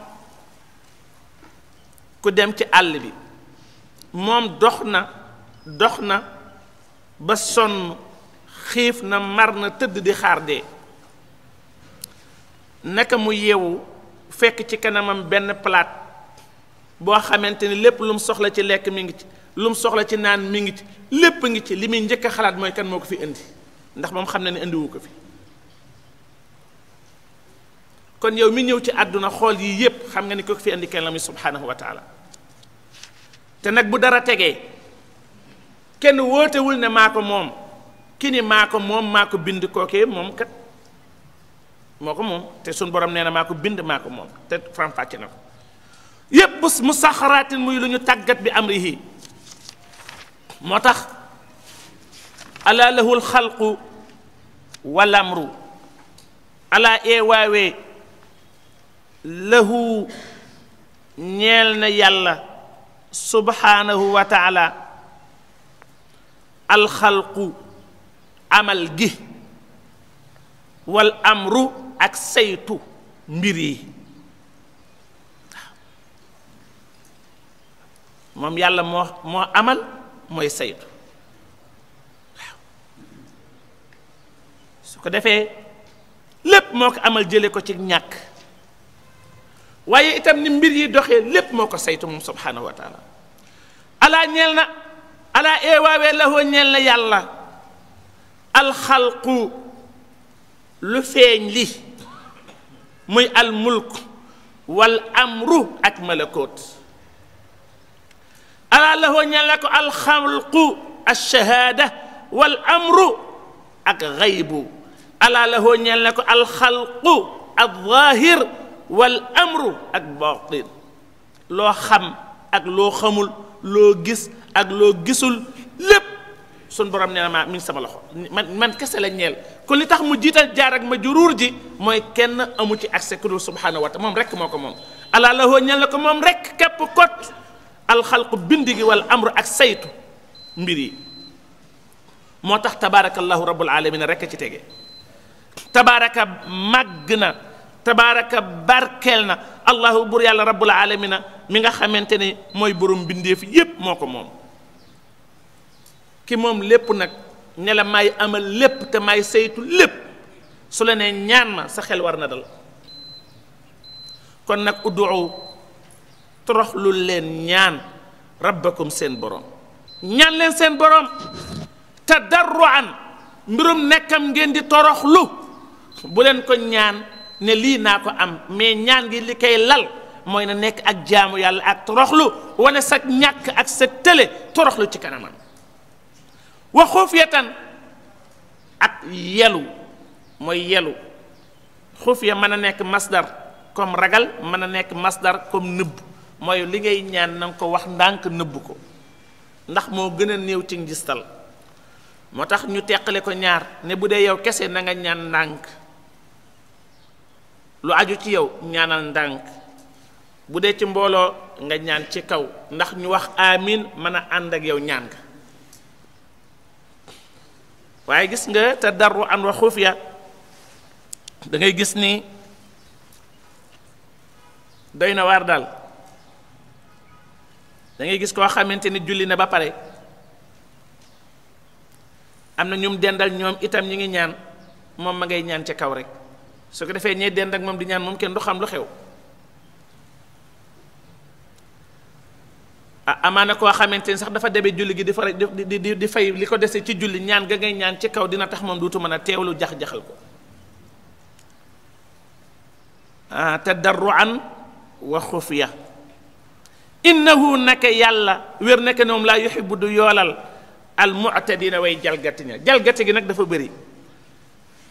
ku dem ci àll bi moom dox na dox na ba sonn xiif na mar na tëdd di xaar dee naka mu yeewu fekk ci kanamam benn palaat boo xamante ni lépp lu soxla ci lekk mi ngi ci lu soxla ci naan mi ngi ci lépp ngi ci li muy njëkk a xalaat mooy kan moo ko fi indi ndax moom xam na ne indiwu ko fi kon yow mi ñëw ci àdduna xool yii yépp xam nga ni ko fi indi kenn la muy subhaanahu te nag bu dara tegee kenn wóotewul ne maa moom ki ni maa moom maa bind kookee moom kat moo ko moom te suñ borom nee na maa bind maa moom te faram-fàcce na ko yépp mu saxaraatin muy lu tàggat bi amrihi moo tax ala lahul xalqu wal amru ala eewaawee lahu ñeel na yàlla subhaanahu wa alxalqu amal gi wal amru ak saytu mbir yi moom yàlla moo moo amal mooy saytu su ko defee lépp moo ko amal jële ko ci ñàkk waaye itam ni mbir yi doxee lépp moo ko saytu moom subhaanahu wa taala ñeel na alaa eewaawee lahoo ñeel na yàlla alxalqu lu feeñ li muy almulk wal amru ak malakoot alaa lahoo ñeel na ko alxalqu alchahaada wal amru ak xaybu alaa lahoo ñeel na ko alxalqu alzaahir wal amru ak baatin loo xam ak loo xamul loo gis ak loo gisul lépp sun borom nee na ma mi sama loxo man kese la ñeel kon li tax mu jiital jaar ak ma juruur ji mooy kenn amu ci accès ku dul subhanahu moom rek moo ko moom alaa lahoo ñeel na ko moom rek képp kot alxalqu bind gi wala amru ak saytu mbir yi moo tax tabaarakallahu rabbul alamin rek ci tege tabaaraka mag na tabaaraka barkeel na allahu bur yàlla rabbul alamina mi nga xamante ne mooy borom bindeef yépp moo ko moom ki moom lépp nag ne la may amal lépp te may saytu lépp su la ñaan ma sa xel war na dal kon nag uddu toroxlu leen ñaan rabbakum seen borom ñaan leen seen borom te darruan mbirum nekkam ngeen di toroxlu bu leen ko ñaan ne lii naa ko am mais ñaan gi li koy lal mooy na nekk ak jaamu yàlla ak toroxlu wane sa ñàkk ak sa tële toroxlu ci kanamam wa xufyatan at yelu mooy yelu ya mën a nekk masdar comme ragal mën a nekk masdar comme nëbb mooy li ngay ñaan na ko wax ndànk nëbb ko ndax moo gën a néew ci ngistal moo tax ñu teqale ko ñaar ne bu dee yow kese na nga ñaan ndànk lu aju ci yow ñaanal ndànk bu dee ci mbooloo nga ñaan ci kaw ndax ñu wax amiin mën a ànd ak yow ñaan nga waaye gis nga te darru an wa xufiya da ngay gis ni doy na waar daal dangay gis koo xamante ni julli na ba pare am na ñum dendal ñoom itam ñu ngi ñaan moom ma ngay ñaan ca kaw rek su ko defee ñee dend ak moom di ñaan moom kenn du xam lu xew amaana koo xamante ni sax dafa debe julli gi di fa di di di fay li ko dese ci julli ñaan ga ngay ñaan ci kaw dina tax moom duutu mën a teewlu jax-jaxal ko te ah tadarruan wa xufiya innahu naka yàlla wér naka moom laa yuhibbu du yoolal al mu'tadina way jalgati ña jalgati gi nag dafa bëri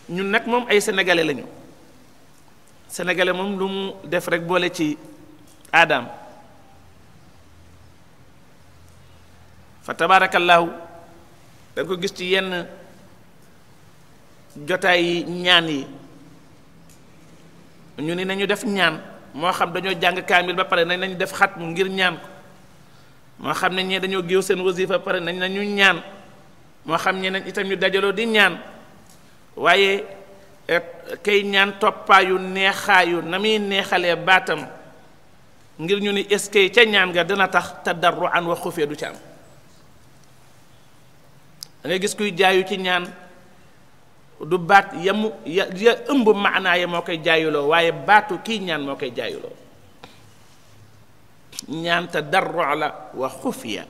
ñun nag moom ay sénégalais lañu sénégalais moom lu mu def rek boole ci aadam fa tabaarakallaahu da ko gis ci yenn jotaay yi ñaan yi ñu ni nañu def ñaan moo xam dañoo jàng kaamil ba pare nañ nañu def xat mu ngir ñaan moo xam ne ñee dañoo géew seen wasifa pare nañ nañu ñaan moo xam ñeneen itam ñu dajaloo di ñaan waaye eh, kay ñaan toppaayu neexaayu na muy neexalee baatam ngir ñu ni eskay ca ñaan nga dina tax te darru an wa xufee du ca am da gis kuy jaayu ci ñaan du baat yamu ya ya ëmb maanaa moo koy jaayuloo waaye baatu kii ñaan moo koy jaayuloo ñaan tadarru la wa xufiya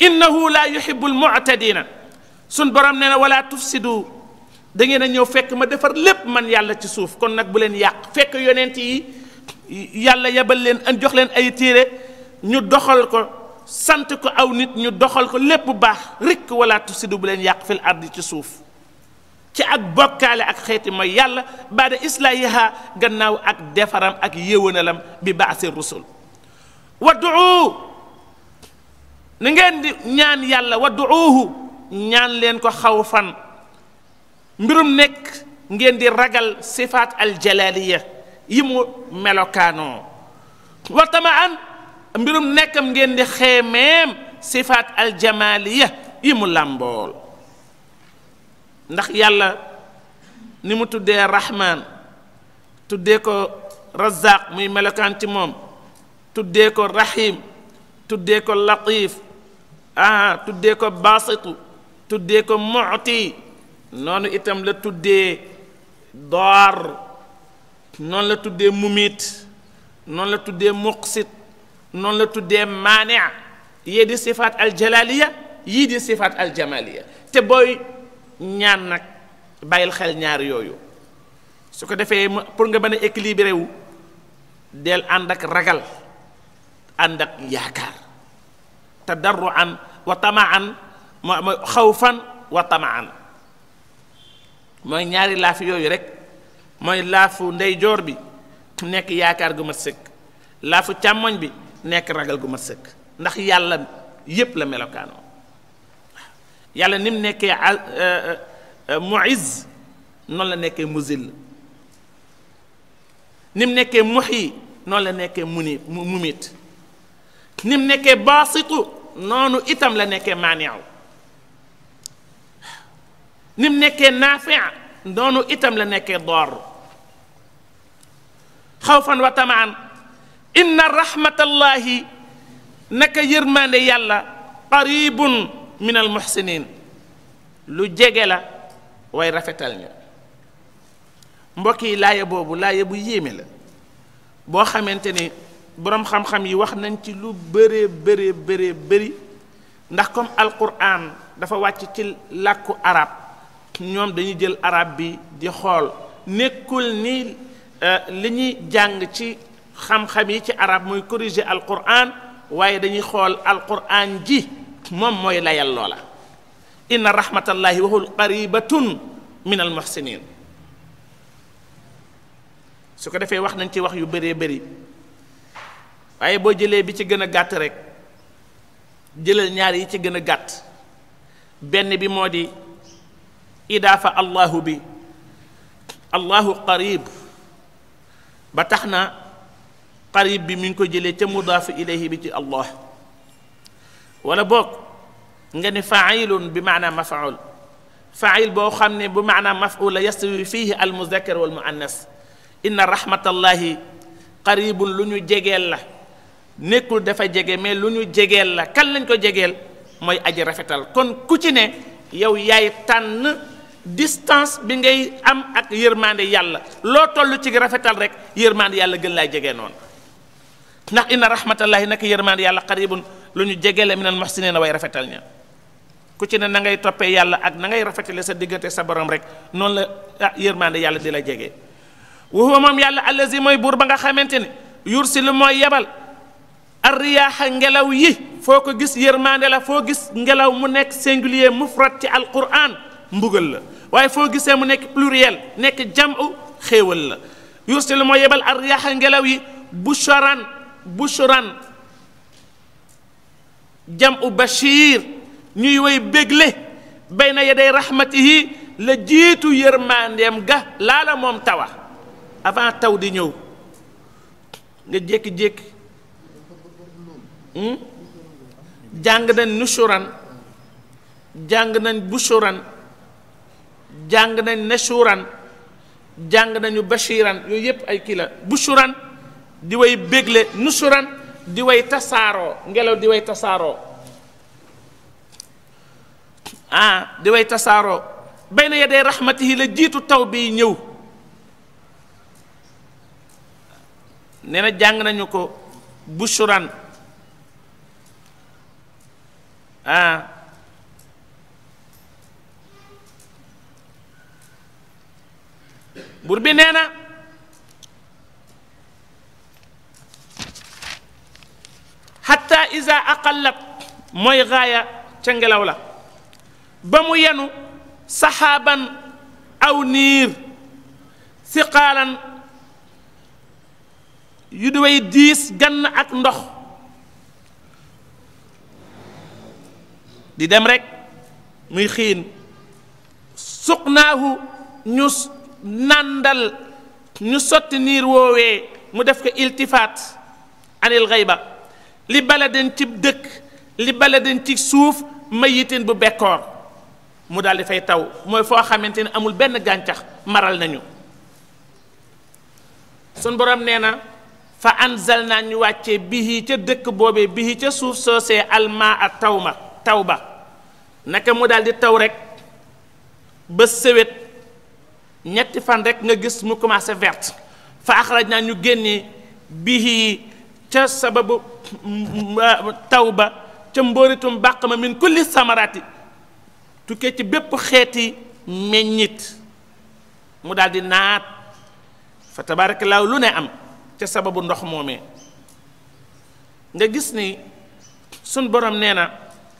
innahu la yuhibbu almu'tadina sun borom nee na wala tufsidu da ngeen a ñëw fekk ma defar lépp man yàlla ci suuf kon nag bu leen yàq fekk yonent yi yàlla yebal leen an jox leen ay téere ñu doxal ko sant ko aw nit ñu doxal ko lépp baax rikk wala tusidu bu leen yàq fil ardi ci suuf ci ak bokkaale ak xeeti mooy yàlla baada islaayiha gannaaw ak defaram ak yéwénalam bi baasi rusul wad'u ni ngeen di ñaan yàlla wad'uuhu ñaan leen ko xaw fan mbirum nekk ngeen di ragal sifaat al jalaliya yi mu melokaanoo wa tamaan mbirum nekkam ngeen di xeemeem sifaat aljamaliya yi mu làmbool ndax yàlla ni mu tuddee rahman tuddee ko razaq muy melokaan ci moom tuddee ko rahim tuddee ko latif ah tuddee ko basitu tuddee ko muti noonu itam la tuddee door noonu la tuddee mumit noonu la tuddee muksit noonu la tuddee maanea yii di sifaat aljalaliya yii di sifaat aljamaliya te booy ñaan nag bàyyil xel ñaar yooyu su ko defee pour nga mën a équilibré del ànd ak ragal ànd ak yaakaar tadarruan wa tamaan mooy xawfan wa tamaan mooy ñaari laaf yooyu rek mooy laafu ndeyjoor bi nekk yaakaar gu mat sëkk laafu càmmoñ bi nekk ragal gu ma sëkk ndax yàlla yépp la melokaanoo yàlla nim nekkee muiz noonu la nekkee muzil ni mu nekkee muxi noonu la nekkee muni mumit ni mu nekkee baasitu noonu itam la nekkee maaniaw ni mu nekkee naafia noonu itam la nekkee door xawfan wa tamaan inna rahmatallahi naka yërmande yàlla qaribun min al muhsinin lu jege la way rafetal ña mbokk yi laaya boobu laaya bu yéeme la boo xamante ni boroom xam-xam yi wax nañ ci lu bëree bëree bëri ndax comme alquran dafa wàcc ci làkku arab ñoom dañuy jël arab bi di xool nekkul ni euh, li ñuy jàng ci xam-xam yi ci arab mooy corriger alquran waaye dañuy xool alquran ji moom mooy layal loola inna rahmatallahi waxul qaribatun min al su ko defee wax nañ ci wax yu bëree bari waaye boo jëlee bi ci gën a gàtt rek jëlal ñaar yi ci gën a gàtt benn bi moo di idaafa allahu bi allahu qarib ba tax na qarib bi mi ngi ko jëlee ca mudaafu ilayhi bi ci allah wala boog nga ne failun bi maanaam mafaul fail boo xam ne bu maanaam mafuul la yastawi fii al muzakkar wal muannas inna rahmatallahi qaribun lu ñu jegeel la nekkul dafa jege mais lu ñu jegeel la kan lañ ko jegeel mooy aj rafetal kon ku ci ne yow yaay tànn distance bi ngay am ak yërmande yàlla loo toll ci rafetal rek yërmande yàlla gën laay jege noonu ndax inna rahmatallahi naka yërmaande yàlla xaribun lu ñu jegele minal muhsinin way rafetal ña ku ci ne na ngay toppee yàlla ak na ngay rafetale sa diggante sa borom rek noonu la ah yërmaande yàlla di la jege. wa huwa moom yàlla allazi mooy buur ba nga xamante ne yursilu mooy yebal arriyaaxa ngelaw yi foo ko gis yërmaande la foo gis ngelaw mu nekk singulier mufrad ci alquran mbugal la waaye foo gisee mu nekk pluriel nekk jamu xéewal la yursilu yebal arriyaaxa ngelaw yi busharan bushran jam u bashir ñuy woy bégle bayna yaday rahmatihi la jiitu yërmandeem ga laala moom tawa avant taw di ñëw nga jékki-jékki hmm? jàng nañ nusuran jàng nañ busuran jàng nañ nasuran jàng nañu bashiran yooyu yépp ay kii la busuran di way bégle nusuran di way tasaaroo ngelaw di way tasaaroo ah di way tasaaroo bayna yaday rahmatihi la jiitu taw bi ñëw nee jàng nañu ko busuran ah bur bi nee na xatta isa aqallat mooy gaaya ca ngelaw la ba mu yenu saxaaban aw niir siqaalan yu duway diis gann ak ndox di dem rekk muy xiin suqnaahu ñu nàndal ñu sotti niir woowee mu def ko iltifaat anil xayba li baladin ci dëkk li baladin ci suuf mayitin bu bekkoor mu daal di fay taw mooy foo xamante ni amul benn gàncax maral nañu sun borom nee na fa anzal naa ñu wàccee bihi ca dëkk boobee bihi ca suuf soosee almaa a taw ma taw ba naka mu daal taw rek ba sëwét ñetti fan rekk nga gis mu commencé verte fa axraj naa ñu génnee bihi ca sababu taw ba ca mbóoritum bàq ma min kulli samarati tukkee ci bépp xeeti meññit mu daal di naat fa tabaarakallaahu lu ne am ca sababu ndox moomee nga gis ni sun borom nee na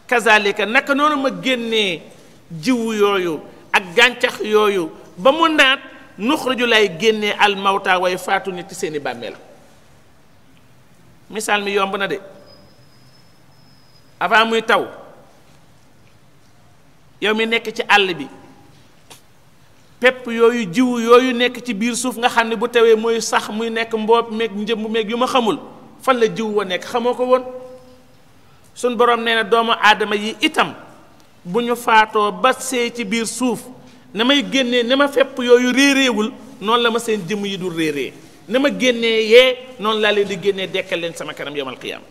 kazalika naka noonu ma génnee jiw yooyu ak gàncax yooyu ba mu naat nuxriju lay génnee almawta way faatu nit ci seeni bàmmeel misaal mi yomb na de avant muy taw yow mi nekk ci àll bi pepp yooyu jiw yooyu nekk ci biir suuf nga xam ne bu tawee muy sax muy nekk mboot meeg njëmb meeg yu ma xamul fan la jiw wa nekk xamoo ko woon suñ borom nee na doomu aadama yi itam bu ñu faatoo ba see ci biir suuf na may génne na ma fepp yooyu réeréewul noonu la ma seen jëmm yi dul réerée na ma génnee yee noonu laa leen di génnee dekkal leen sama kanam yawmal qiyaama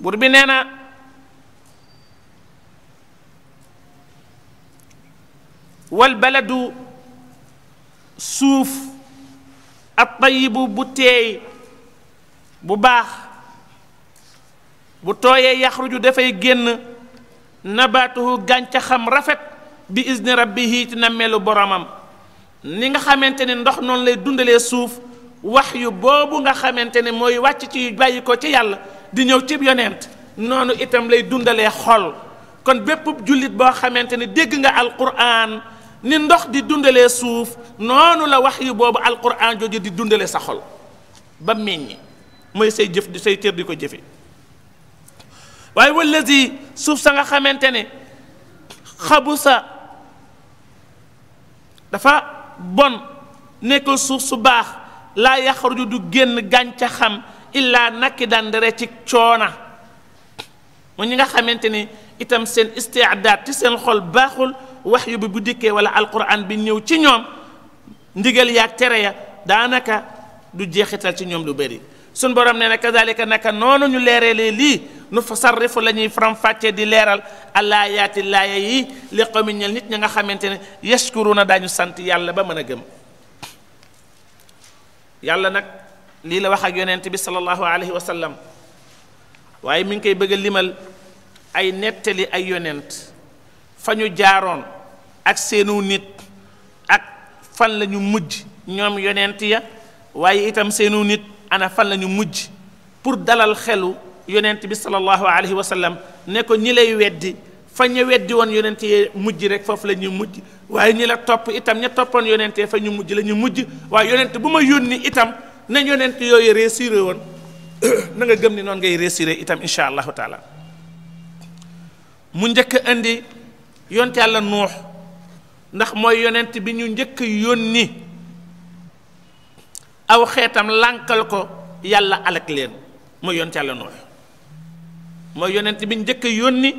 buur bi nee na wal baladu suuf ab tayibu bu teey bu baax bu tooyee yaxruju dafay génn nabaatuhu gàncaxam rafet bi izni rabbihi ci nammeelu boromam ni nga xamante ne ndox noonu lay dundalee suuf wax yu boobu nga xamante ne mooy wàcc ci bàyyi ko ci yàlla di ñëw ci yonent noonu itam lay dundalee xol kon bépp jullit boo xamante ne dégg nga alquran ni ndox di dundalee suuf noonu la wax yu boobu alquran jooju di dundalee sa xol ba meññ mooy say jëf say cër di ko jëfe waaye wallazi suuf sa nga xamante ne xabu sa dafa bon nekkul suuf su baax laa yaxaruju du génn gàncaxam illaa nakki dandere ci coona mu ñi nga xamante ni itam seen istiadaat ci seen xol baaxul wax yu bu dikkee wala alquran bi ñëw ci ñoom ndigal yaag tere ya daanaka du jeexital ci ñoom lu bëri suñ borom nee na kazalika naka noonu ñu leeree leeralee lii nu fa sarrifu la ñuy faram-fàccee di leeral allah yaati yi li qawmi nit ñi nga xamante ne na dañu sant yàlla ba mën a gëm yàlla nag lii la wax ak yonent bi sallallahu alayhi wa sallam waaye mi ngi koy bëgg limal ay nettali ay yonent fa ñu jaaroon ak seenu nit ak fan lañu mujj ñoom yonent ya waaye itam seenu nit ana fan la ñu mujj pour dalal xelu yonent bi sallallahu alayhi wa sallam ne ko ñi lay weddi fa ñu weddi woon yonent yee mujj rek foofu la ñuy mujj waaye ñi la topp itam ña toppoon yonent yee fa ñu mujj lañu mujj waaye yonent bu ma yónni itam nañ yonent yooyu réussir woon na nga gëm ni noon ngay réussir itam incha allahu taala mu njëkk indi yonent yàlla nuux ndax mooy yonent bi ñu njëkk yónni aw xeetam lànkal ko yàlla alak leen mooy yonent yàlla nooy mooy yonent bi njëkk yónni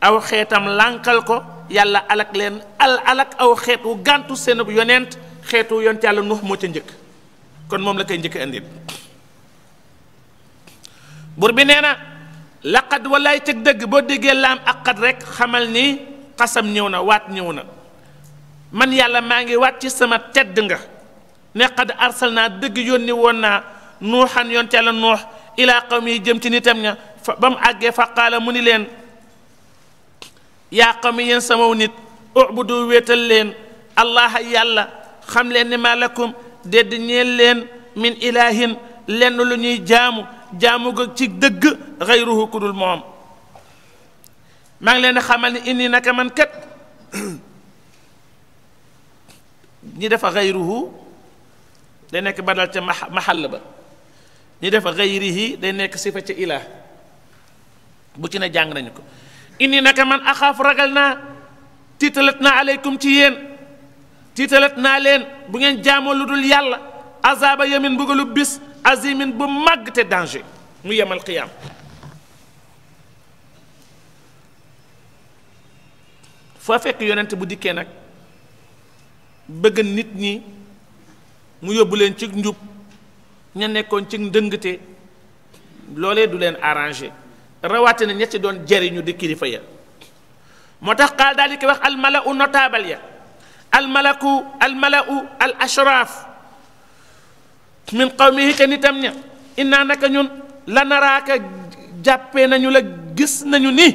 aw xeetam lànkal ko yàlla alak leen al alak aw xeet wu gàntu seenub yonent xeetu yonent yàlla noox moo ca njëkk kon moom la koy njëkk indil buur bi nee na laqad walaay teg dëgg boo déggee laam ak xat rek xamal ni xasam ñëw na waat ñëw na man yàlla maa ngi waat ci sama tedd nga ne qad arsalnaa dëgg yónni woon naa nuuxan yoon ca la nuux ilaa qawmi jëm ci nitam ña ba àggee fa qaala mu ni leen yaa qawmi yéen samaw nit ubudu wéetal leen allaha yàlla xam leen ni ma lakum dédd ñeel leen min ilahin lenn lu ñuy jaamu jaamu ga ci dëgg xayruhu ku dul moom maa ngi leen di xamal ni inni naka man kat ñi dafa xayruhu day nekk badal ca maxall ba ñu def gayrihi day nekk sifa ca ilaa bu ci ne jàng nañu ko inni naka man axaaf ragal naa tiitalat naa aleykum ci yéen tiitalat naa leen bu ngeen jaamoo lu dul yàlla azaba yamin mbugalu bis azimin bu màgg te danger mu yemal qiyaam foo fekk yonent bu dikkee nag bëgg nit ñi mu yóbbu leen ci njub ña nekkoon ci ndëngte loolee du leen arrangé rawaate na ña doon jariñu di kilifa ya moo tax xaal daal di koy wax almala u notable ya almalaku almala u al ashraaf min qawmihi ca nitam ña innaa naka ñun la naraaka nañu la gis nañu ni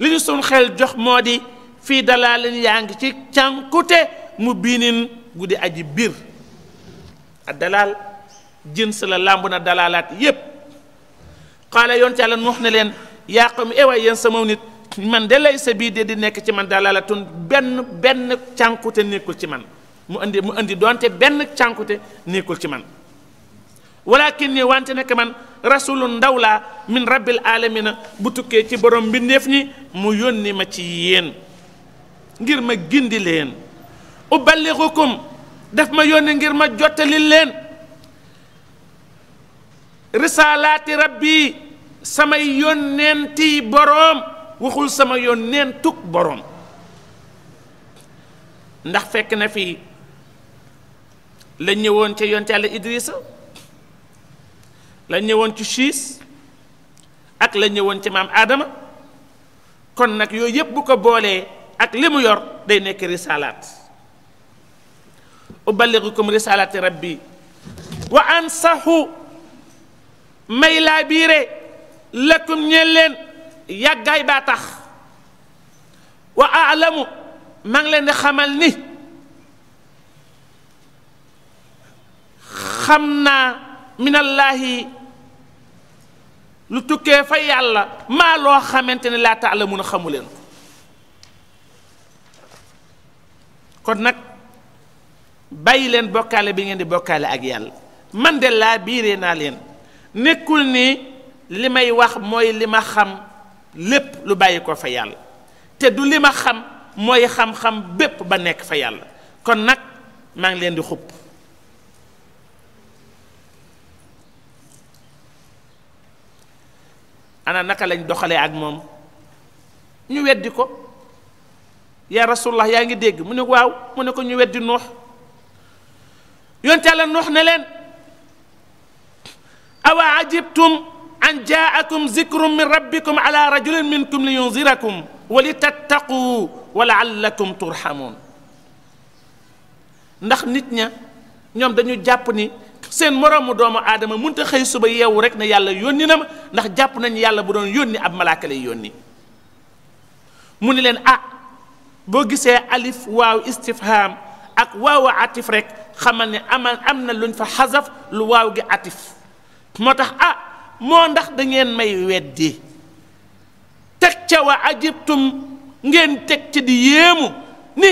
li ñu suñ xel jox moo di fii dalaa yaa ngi ci cànkute mu biinin guddi aji biir a dalal jins la làmb na dalaalaat yépp xaala yoon ci yàlla nu wax ne leen yaa qawmi ewaay eh yéen sama nit man de lay sa bii de di nekk ci man dalaalatun benn benn cànkute nekkul ci man mu indi mu indi doonte benn cànkute nekkul ci man walakin nii wante nekk man rasulu ndaw laa min rabbil alamina bu tukkee ci borom mbindeef ñi mu yónni ma ci yéen ngir ma gindi leen uballighukum daf ma yónni ngir ma jottali leen risaalaati rabbi samay yónneenti boroom waxul sama yónneentuk boroom ndax fekk na fi la ñëwoon ca yonte yàlla Idrissa la ñëwoon ci siis ak la ñëwoon ci maam aadama kon nag yooyu yëpp bu ko boolee ak li mu yor day nekk risaalaat uballighukum risalati rabbi wa ansahu may laa biire lakum ñeen leen yàggaay baa tax wa alamu maa ngi leen di xamal ni xam naa minallaahi lu tukkee fa yàlla maa loo xamante ne laa taalamun xamu leen ko kon nag bàyyi leen bokkaale bi ngeen di bokkaale ak yàlla man de laa biire naa leen nekkul ni li may wax mooy li ma xam lépp lu bàyyi ko fa yàlla te du li ma xam mooy xam-xam bépp ba nekk fa yàlla kon nag maa ngi leen di xupp ana naka lañ doxalee ak moom ñu weddi ko yaa rasulullah yaa ngi dégg mu ne waaw mu ne ko ñu weddi nuux yonte yàlla noox ne leen awa ajibtum an jaakum zikrum min rabbikum ala rajulin minkum li yunzirakum wa li tattaqu wa laallakum turhamun ndax nit ña ñoom dañu jàpp ni seen moroomu doomu aadama mënut a xëy suba yeewu rek ne yàlla yónni na ma ndax jàpp nañu yàlla bu doon yónni ab malaaka lay yónni mu ni leen a ah, boo gisee alif waaw istifham ak waaw atif rek xamal ni amal am na luñ fa xasaf lu waaw gi atif moo tax a ah, moo ndax dangeen ngeen may weddi teg ca wa ajibtum ngeen teg ca di yéemu ni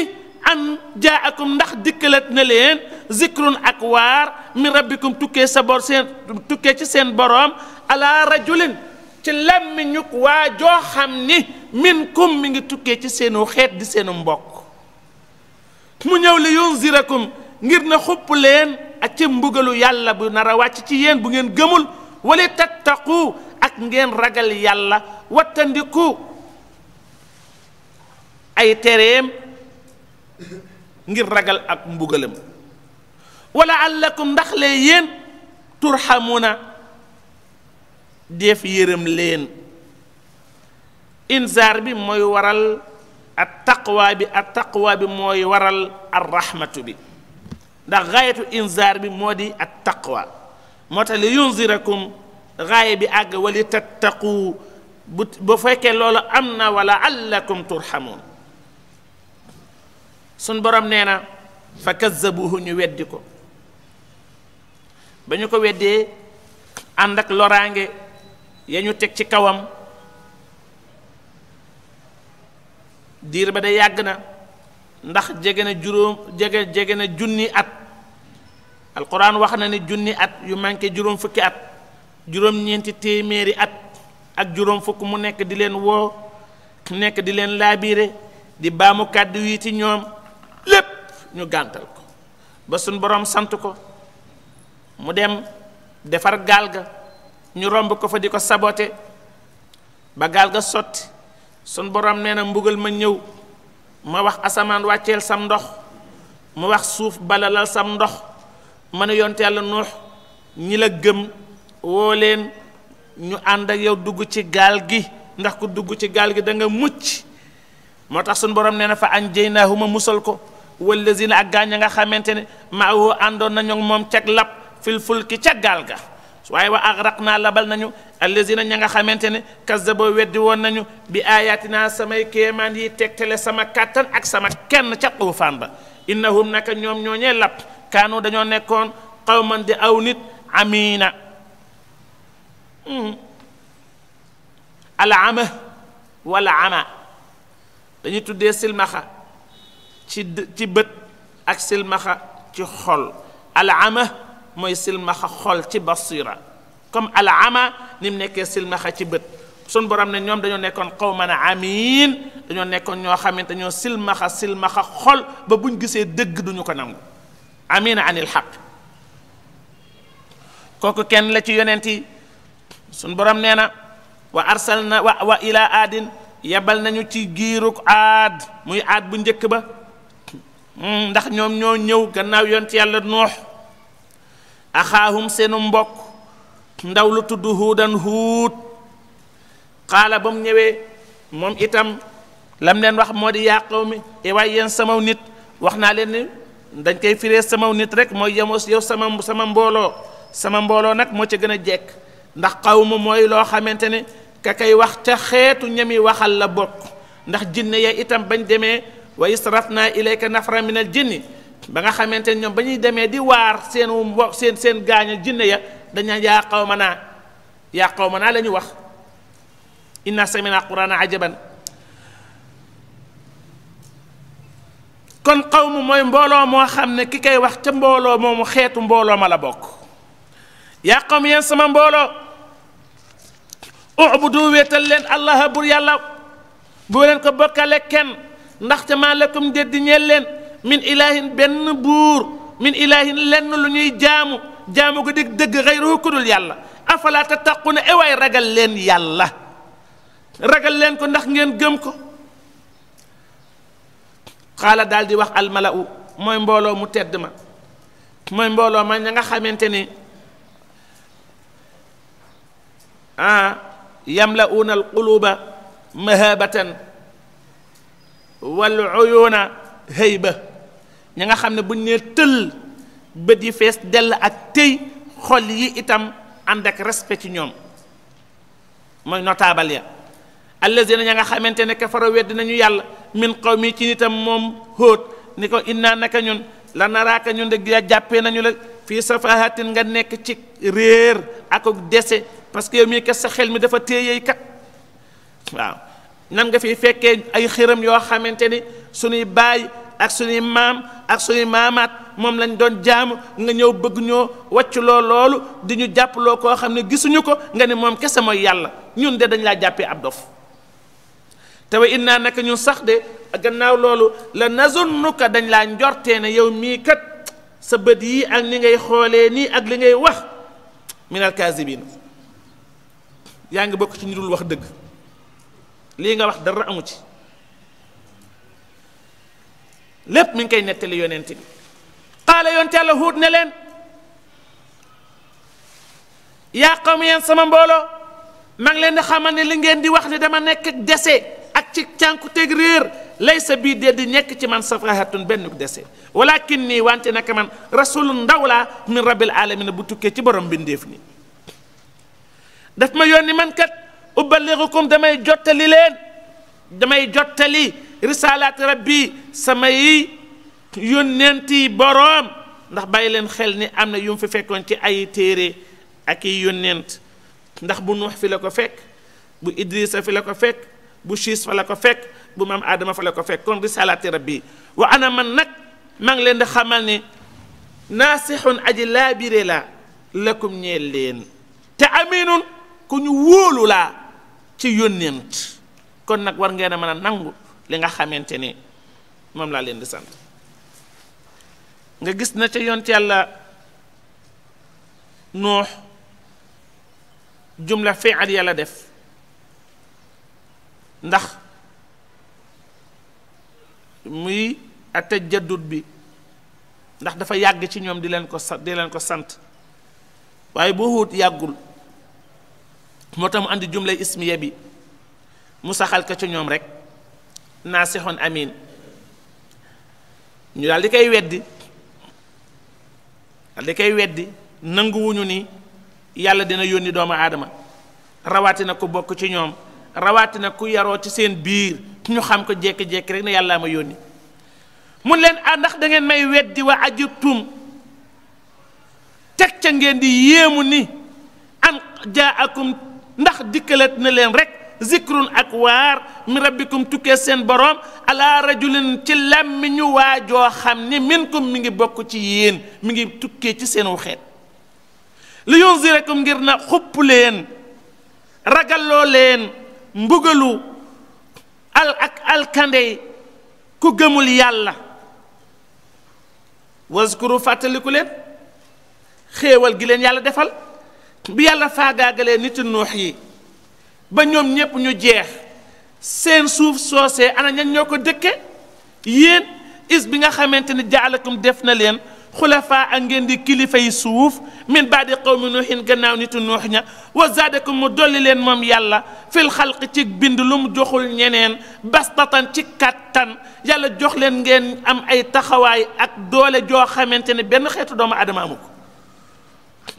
an jaakum ndax dikkalat na leen zikrun ak waar min rabbikum tukkee sa bor seen tukkee ci seen borom ala rajulin ci làmmiñu waa joo xam ni minkum mi ngi tukkee ci seenu xeet di seenu mbokk mu ñëw li yunzirakum ngir na xupp leen ak ca mbugalu yàlla bu nar a wàcc ci yéen bu ngeen gëmul wala tattaqu ak ngeen ragal yàlla wattandiku ay tereem ngir ragal ak mbugalam wala allakum ndax lee yéen turhamuna def yërëm leen inzaar bi mooy waral at taqwa bi at taqwa bi mooy waral ar rahmatu bi ndax gaayatu inzaar bi moo di ak taqwa moo tax li yunzirakum bi àgg wali tattaqu bu bu fekkee loolu am na wala allakum turhamun suñ borom nee na fa kazzabuhu ñu weddi ko ba ñu ko weddee ànd ak loraange ya ñu teg ci kawam diir ba de yàgg na ndax jege na juróom jege jege na junni at alquran wax na ne junni at yu manqué juróom fukki at juróom-ñeenti téeméeri at ak juróom fukk mu nekk di leen woo nekk di leen laabiire di baamu kàddu yi ci ñoom lépp ñu gàntal ko ba suñ boroom sant ko mu dem defar gaal ga ñu romb ko fa di ko sabote ba gaal ga sotti suñ boroom nee na mbugal ma ñëw ma wax asamaan wàcceel sam ndox ma wax suuf balalal sam ndox ma ne yonte yàlla nuux ñi la gëm woo leen ñu ànd ak yow dugg ci gaal gi ndax ku dugg ci gaal gi danga mucc moo tax suñ borom nee na fa anjaynaahuma musal ko wallazina ak gaañ nga xamante ne maahu àndoon nañu moom cag lab fil fulki ca gaal ga waaye wa agraq naa labal nañu allazina ña nga xamante ne kazzaba weddi woon nañu bi ayatina samay kéemaan yi tegtale sama kàttan ak sama kenn ca tuufaan ba innahum naka ñoom ñooñee lapp kaanu dañoo nekkoon xawman di aw nit amina hmm. al ama wala ama dañuy tuddee silmaxa ci bët ak silmaxa ci xol al ama mooy silmaxa xol ci basira comme al ama ni mu nekkee silmaxa ci bët sun borom ne ñoom dañoo nekkoon xawman amiin dañoo nekkoon ñoo xamante ñoo silmaxa silmaxa xol ba buñ gisee dëgg duñu ko nangu amiina anil xaq kooku kenn la ci yonent yi sun borom nee na wa arsalna wa wa ila aadin yebal nañu ci giiruk aad muy aad bu njëkk ba hmm, ndax ñoom ñoo ñëw gannaaw yonent yàlla nuux axaahum seenu mbokk ndaw lu tudd huudan huut xaala ba mu ñëwee moom itam lam leen wax moo di yaa qawmi ewaay yéen samaw nit wax naa leen ni dañ koy firee samaw nit rek mooy yemoo sama sama mbooloo sama mbooloo nag moo ci gën a jekk ndax xawmu mooy loo xamante ne ka kay wax ca xeetu ñami waxal la bokk ndax jinne ya itam bañ demee wa israfna ilayka nafra bi al jinni ba nga xamante ne ñoom ba ñuy demee di waar seen seen seen gaañal jinne ya dañ naan yaa xawma naa yaa xawma naa la ñu wax inna samina ajaban kon xawmu mooy mbooloo moo xam ne ki kay wax ca mbooloo moomu xeetu mbooloo ma la bokk yaa xawmu yéen sama mbooloo ubudu wéetal leen allaha bur yàlla bu leen ko bokkale kenn ndaxte maa lakum déddi ñeel leen min ilaahin benn buur min ilaahin lenn lu ñuy jaamu jaamu ko dégg dëgg xayruhu ku dul yàlla afala tattaquna ewaay ragal leen yàlla ragal leen ko ndax ngeen gëm ko xaala daal di wax almala'u mooy mbooloo mu tedd ma mooy mbooloo ma ña nga xamante ni ah yamla'uuna alquluuba mahabatan wal uyuuna hayba ña nga xam ne bu nee tëll bët yi fees dell ak tey xol yi itam ànd ak respect ci ñoom mooy notaabal ya allazina ña nga xamante ne kafara wedd nañu yàlla min mii ci nitam moom xóot ni ko innaa naka ñun la naraaka ñun dëgg yaa jàppee nañu la fii safahatin nga nekk ci réer ak dese parce que yow mii kat sa xel mi dafa téeyey kat waaw nan nga fiy fekkee ay xëram yoo xamante ni suñuy baay ak suñuy maam ak suñuy maamaat moom lañ doon jaamu nga ñëw bëgguñoo ñoo wàcc loo loolu di ñu jàppaloo koo xam ne gisuñu ko nga ne moom kese mooy yàlla ñun de dañ laa jàppee ab dof te wa naa naka ñun sax de gannaaw loolu la nazunnuka dañ laa njorte ne yow mii kat sa bët yi ak ni ngay xoolee nii ak li ngay wax minal kaasibiin yaa ngi bokk ci ñu dul wax dëgg lii nga wax dara amu ci lépp mi ngi koy nettali yonent bi qaala yonte yàlla huut ne leen yaa qawmi yéen sama mbooloo maa ngi leen di xamal ne li ngeen di wax ne dama nekk dese ak ci cànku teg réer lay sa bii de di nekk ci man safrahatun benn dese walakin nii wante naka man rasulu ndaw laa min rabbil alamin bu tukkee ci borom mbindeef nii daf ma yónni man kat uballighukum damay jottali leen damay jottali risaalaati rabbi sama yi yónnenti boroom ndax bàyyi leen xel ni am na yu mu fi fekkoon ci ay téere ak i yónnent ndax bu nuux fi la ko fekk bu idrisa fi la ko fekk bu siis fa la ko fekk bu maam aadama fa la ko fekk kon risalaati rabbi wa ana man nag maa leen di xamal ni naasixun aji laabire la lakum ñeel leen te aminun ku ñu wóolu la ci yónnent kon nag war ngeen a mën a nangu li nga xamante ni moom laa leen di sant nga gis na ca yont yàlla nuux jumla at yàlla def ndax muy atajaddud bi ndax dafa yàgg ci ñoom di leen ko ko sant waaye boo Huud yàggul moo tax mu andi jumla ismiya bi mu saxal ko ci ñoom rek naasixoon amin ñu daal di koy weddi dal di koy weddi nanguwuñu ni yàlla dina yónni doomu aadama rawatina ku bokk ci ñoom rawatina ku yaroo ci seen biir ñu xam ko jékki-jékki rek ne yàllaa ma yónni mun leen ah ndax da ngeen may weddi wa ajibtum teg ca ngeen di yéemu ni an jaakum ndax dikkalat na leen rek zikrun ak waar mi rabbikum tukkee seen borom ala rajulin ci làmmiñu waajoo xam ni minkum mi ngi bokk ci yéen mi ngi tukkee ci seen waxeet li yunzirakum ngir na xupp leen ragalloo leen mbugalu al ak alkande ku gëmul yàlla waskuru fàttaliku leen xéewal gi leen yàlla defal bi yàlla faagaagalee nit nuux yi ba ñoom ñépp ñu jeex seen suuf soosee ana ñan ñoo ko dëkke yéen is bi nga xamante ni jaalakum def na leen xulafaa ak ngeen di kilifa yi suuf min xaw qawmi nuuxin gannaaw nitu nuux ña wa zaadakum mu dolli leen moom yàlla fil xalq ci bind lu mu joxul ñeneen bastatan ci kàttan yàlla jox leen ngeen am ay taxawaay ak doole joo xamante ne benn xeetu doomu aadama amu ko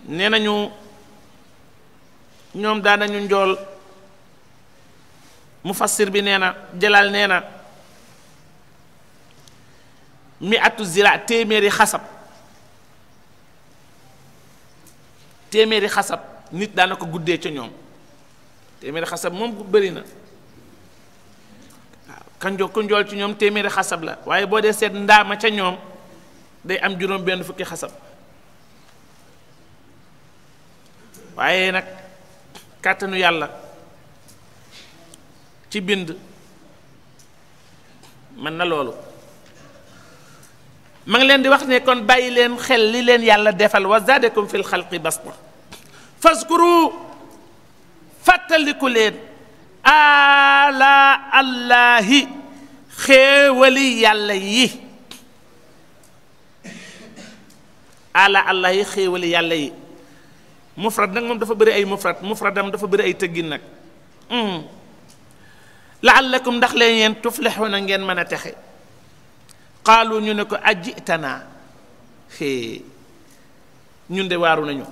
nee nañu ñoom daanañu njool mu mufassir bi nee na jalaal nee na mi atu zira téeméeri xasab téeméeri xasab nit daana ko guddee ca ñoom téeméeri xasab moom gu bëri na waaw kanjo ku njool ci ñoom téeméeri xasab la waaye boo dee seet ndaama ca ñoom day am juróom benn fukki xasab waaye nag kàttanu yàlla ci bind mën na loolu ma ngi leen di wax ne kon bàyyi leen xel li leen yàlla defal wa zaadekum fil xalqi basma faskuru fàttaliku leen ala allahi xéewali yàlla yi ala allahi xéewali yàlla yi mufrad nag moom dafa bari ay mufrad mufradam dafa bari ay tëggin nag hmm. laallakum ndax leen yeen na ngeen mën a texe qaalu ñu ne ko ajjitanaa ñun de waaru nañu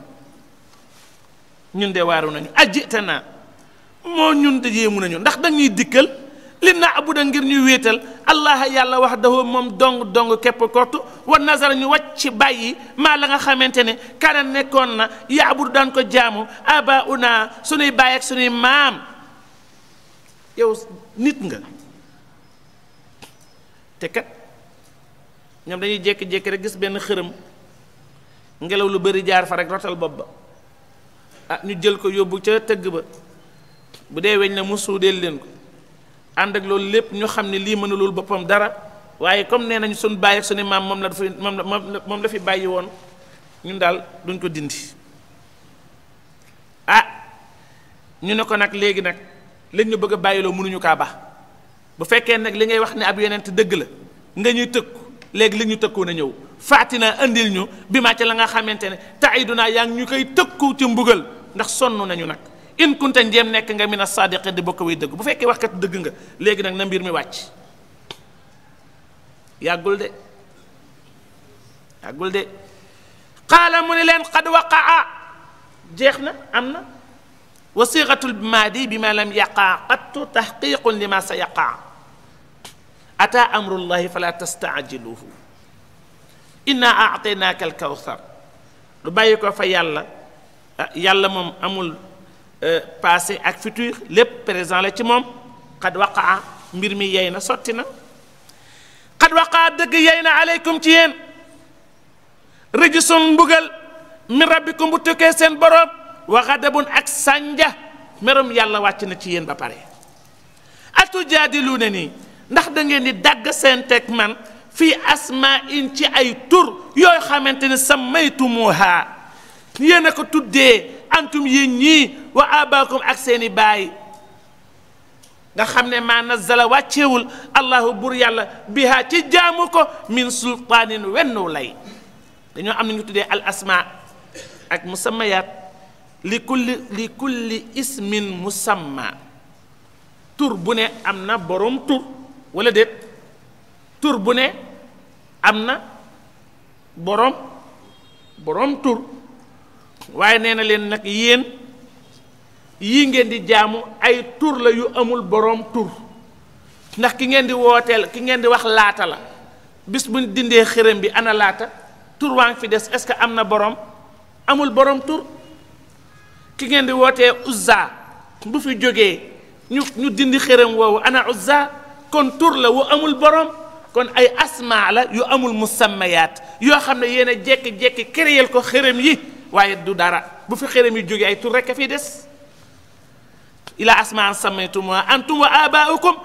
ñun de waaru nañu ajjitanaa moo ñun de yéemu nañu ndax dañuy dikkal li na abu da ngir ñu wéetal allah yàlla wax dafa moom dong dong képp kottu wa nazara ñu wàcc bàyyi maa la nga xamante ne kana nekkoon na yaabudu daan ko jaamu aba una sunuy bàyyi ak sunuy maam yow nit nga te kat ñoom dañuy jékki-jékki rek gis benn xërëm ngelaw lu bari jaar fa rek rotal bopp ba ah ñu jël ko yóbbu ca tëgg ba bu dee weñ la mu suudeel leen ko ànd ak loolu lépp ñu xam ne lii mënulul boppam dara waaye comme nee nañ suñ bàyyi ak suñu maam moom la dafa moom la moom la fi bàyyi woon ñun daal duñ ko dindi ah ñu ne ko nag léegi nag lañ ñu bëgg a bàyyiloo mënuñu kaa baax bu fekkee nag li ngay wax ne ab yonent dëgg la nga ñuy tëkku léegi li ñu tëkkoon a ñëw faatina andil ñu bi maa ci la nga xamante ne taidunaa yaa ngi ñu koy tëkku ci mbugal ndax sonn nañu nag in kunta nekk nga mina saadiqin di bokk way dëgg bu fekkee waxkat dëgg nga léegi nag na mbir mi wàcc yàggul de yàggul de qaala mu ne leen qad waqaa jeex na am na wa siixatul maadi bi ma lam yaqaa qattu taxqiqun li ma sa yaqaa ataa amrullahi fala tastaajiluhu inna aataynaaka al kawsar lu bàyyi ko fa yàlla ah, yàlla moom amul eh, passé ak futur lépp présent la ci moom xad waqaa mbir mi yey na sotti na xad waqaa dëgg yey na aleykum ci yéen rëjisun mbugal min rabbikum bu tukkee seen boroom wa xadabun ak sànja merum yàlla wàcc na ci yéen ba pare atujaadilu ne nii ndax dangeen di dagg seen teg man fii asmaa in ci ay tur yooyu xamante ne sammaytumuha yéen a ko tuddee antum yéen ñii wa abaakum ak seeni baay nga xam ne maa nazala wàccewul allahu bur yàlla biha ci jaamu ko min sultaanin wennu lay dañoo am na ñu tuddee al asmaa ak musammayaat li kulli li kulli ismin musamma tur bu ne am na boroom tur wala det tur bu ne am na boroom boroom tur waaye nee na leen nag yéen yii ngeen di jaamu ay tur la yu amul boroom tur ndax ki ngeen di wooteel ki ngeen di wax laata la bis bu ñu dindee xërëm bi ana laata tur waa ngi fi des est-ce que am na boroom amul boroom tur ki ngeen di wootee Uzza bu fi jógee ñu dindi xëram woowu ana kon tur la wu amul borom kon ay asmaa la yu amul musammayaat yoo xam ne yéen a jékki-jékki këréyal ko xëram yi waaye du dara bu fi xëram yi jógee ay tur rek a fi des ila asmaan sammaytumuha antum wa abaaukum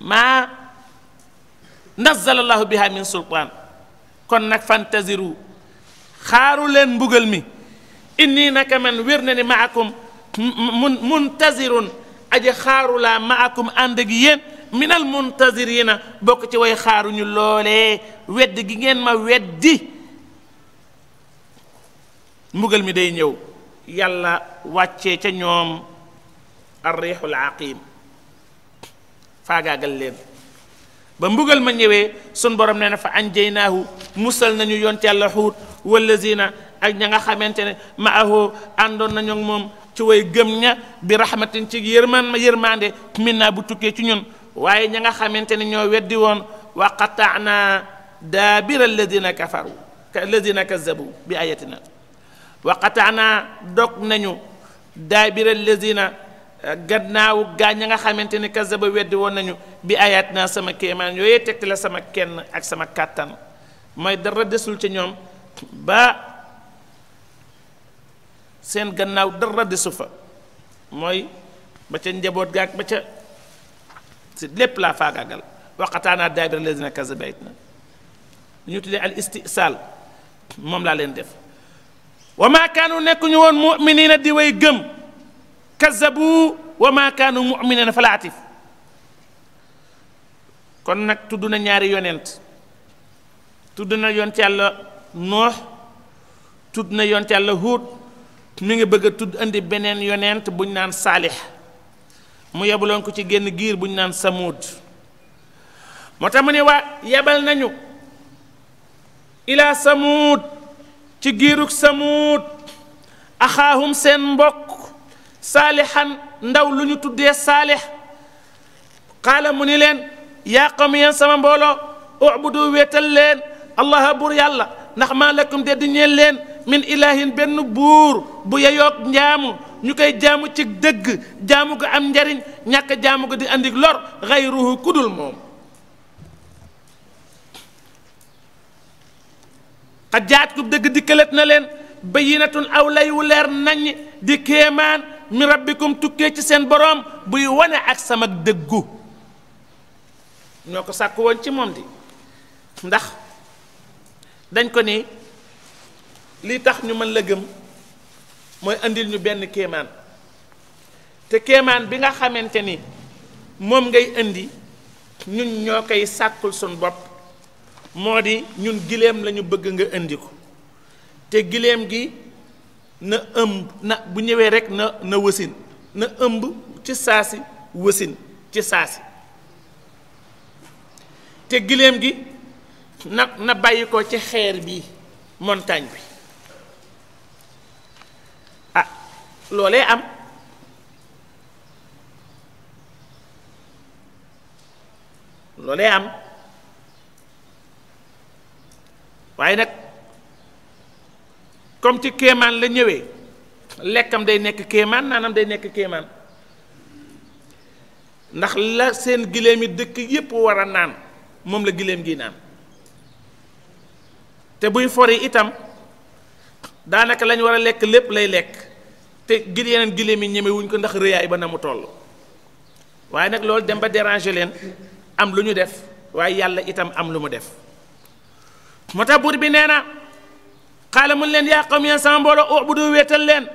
maa nazzala allahu biha min sultaan kon nag fantaziru xaaru leen mbugal mi inni naka man wér na ni maakum mun muntazirun aji xaaru laa maakum ànd ak yéen minal muntazirina bokk ci way xaaruñu loolee wedd gi ngeen ma weddi mbugal mi day ñëw yàlla wàccee ca ñoom arriixul aqim leen ba mbugal ma ñëwee sun borom ne na fa anjaynaahu musal nañu yoon yont yàlla xuut wallazina ak ña nga xamante ne ma maahu àndoon nañu ak moom ci way gëm ña bi rahmatin ci yërman ma yërmande min naa bu tukkee ci ñun waaye ña nga xamante ne ñoo weddi woon wa qataana daabira alladina kafaru alladina kazabu bi ayatina wa qataana dog nañu daabira alladina gannaaw gaa ña nga xamante ne kazaba weddi woon nañu bi ayat naa sama kéemaan yooyee tegti la sama kenn ak sama kàttan mooy dara desul ci ñoom ba seen gannaaw dara desu fa mooy ba ca njaboot gaag ba ca si lépp laa faagaagal waqataanaa daabira lazina kazabu ayatina lu ñu tudd al istisaal moom laa leen def wa maa kaanu nekkuñu woon muminina di way gëm kazabu wa maa kaanu muminina falaatif kon nag tudd na ñaari yonent tudd na yoon yonent yàlla noox tudd na yoon yonent yàlla huut mu ngi bëgg a tudd indi beneen yonent bu ñu naan saalix mu yebaloon ko ci génn giir bu ñu naan samuud moo tax mu ne waa yebal nañu ilaa samuud ci giirug samuud axaahum seen mbokk saalixan ndaw lu ñu tuddee saalix xaala mu ni leen yaa qawmi yéen sama mbooloo ubudu wéetal leen allaha buur yàlla ndax maa lakum de di leen min ilahin benn buur bu yeyoog njaamu ñu koy jaamu ci dëgg jaamu ko am njariñ ñàkk jaamu ko di andi lor xayruhu kudul moom xa jaat ku dëgg di këlët na leen bayinatun aw lay wu leer naññ di kéemaan min rabbikum tukkee ci seen boroom buy wane ak sama dëggu ñoo ko sàkk woon ci moom di ndax dañ ko ni lii tax ñu mën la gëm mooy indil ñu benn kéemaan te kéemaan bi nga xamante ni moom ngay indi ñun ñoo koy sàkkul suñ bopp moo di ñun giléem lañu bëgg nga indi ko te giléem gi na ëmb na bu ñëwee rekk na na wësin na ëmb ci saasi wësin ci saasi te giléem gi na na bàyyi ko ci xeer bi montagne bi loolee am loolee am waaye nag comme ci kemaan la ñëwee lekkam day nekk kéemaan naanam day nekk kemaan ndax la seen giléem yi dëkk yépp war a naan moom la giléem gi naan te buy fori itam daanaka lañ war a lekk lépp lay lekk te gil yeneen giléem yi ñeme ko ndax rëyaay ba na mu toll waaye nag loolu dem ba déranger leen am lu ñu def waaye yàlla itam am lu mu def moo tax buur bi nee na xaala mun leen yaa qawm yéen sama mbooloo ubudu wéetal leen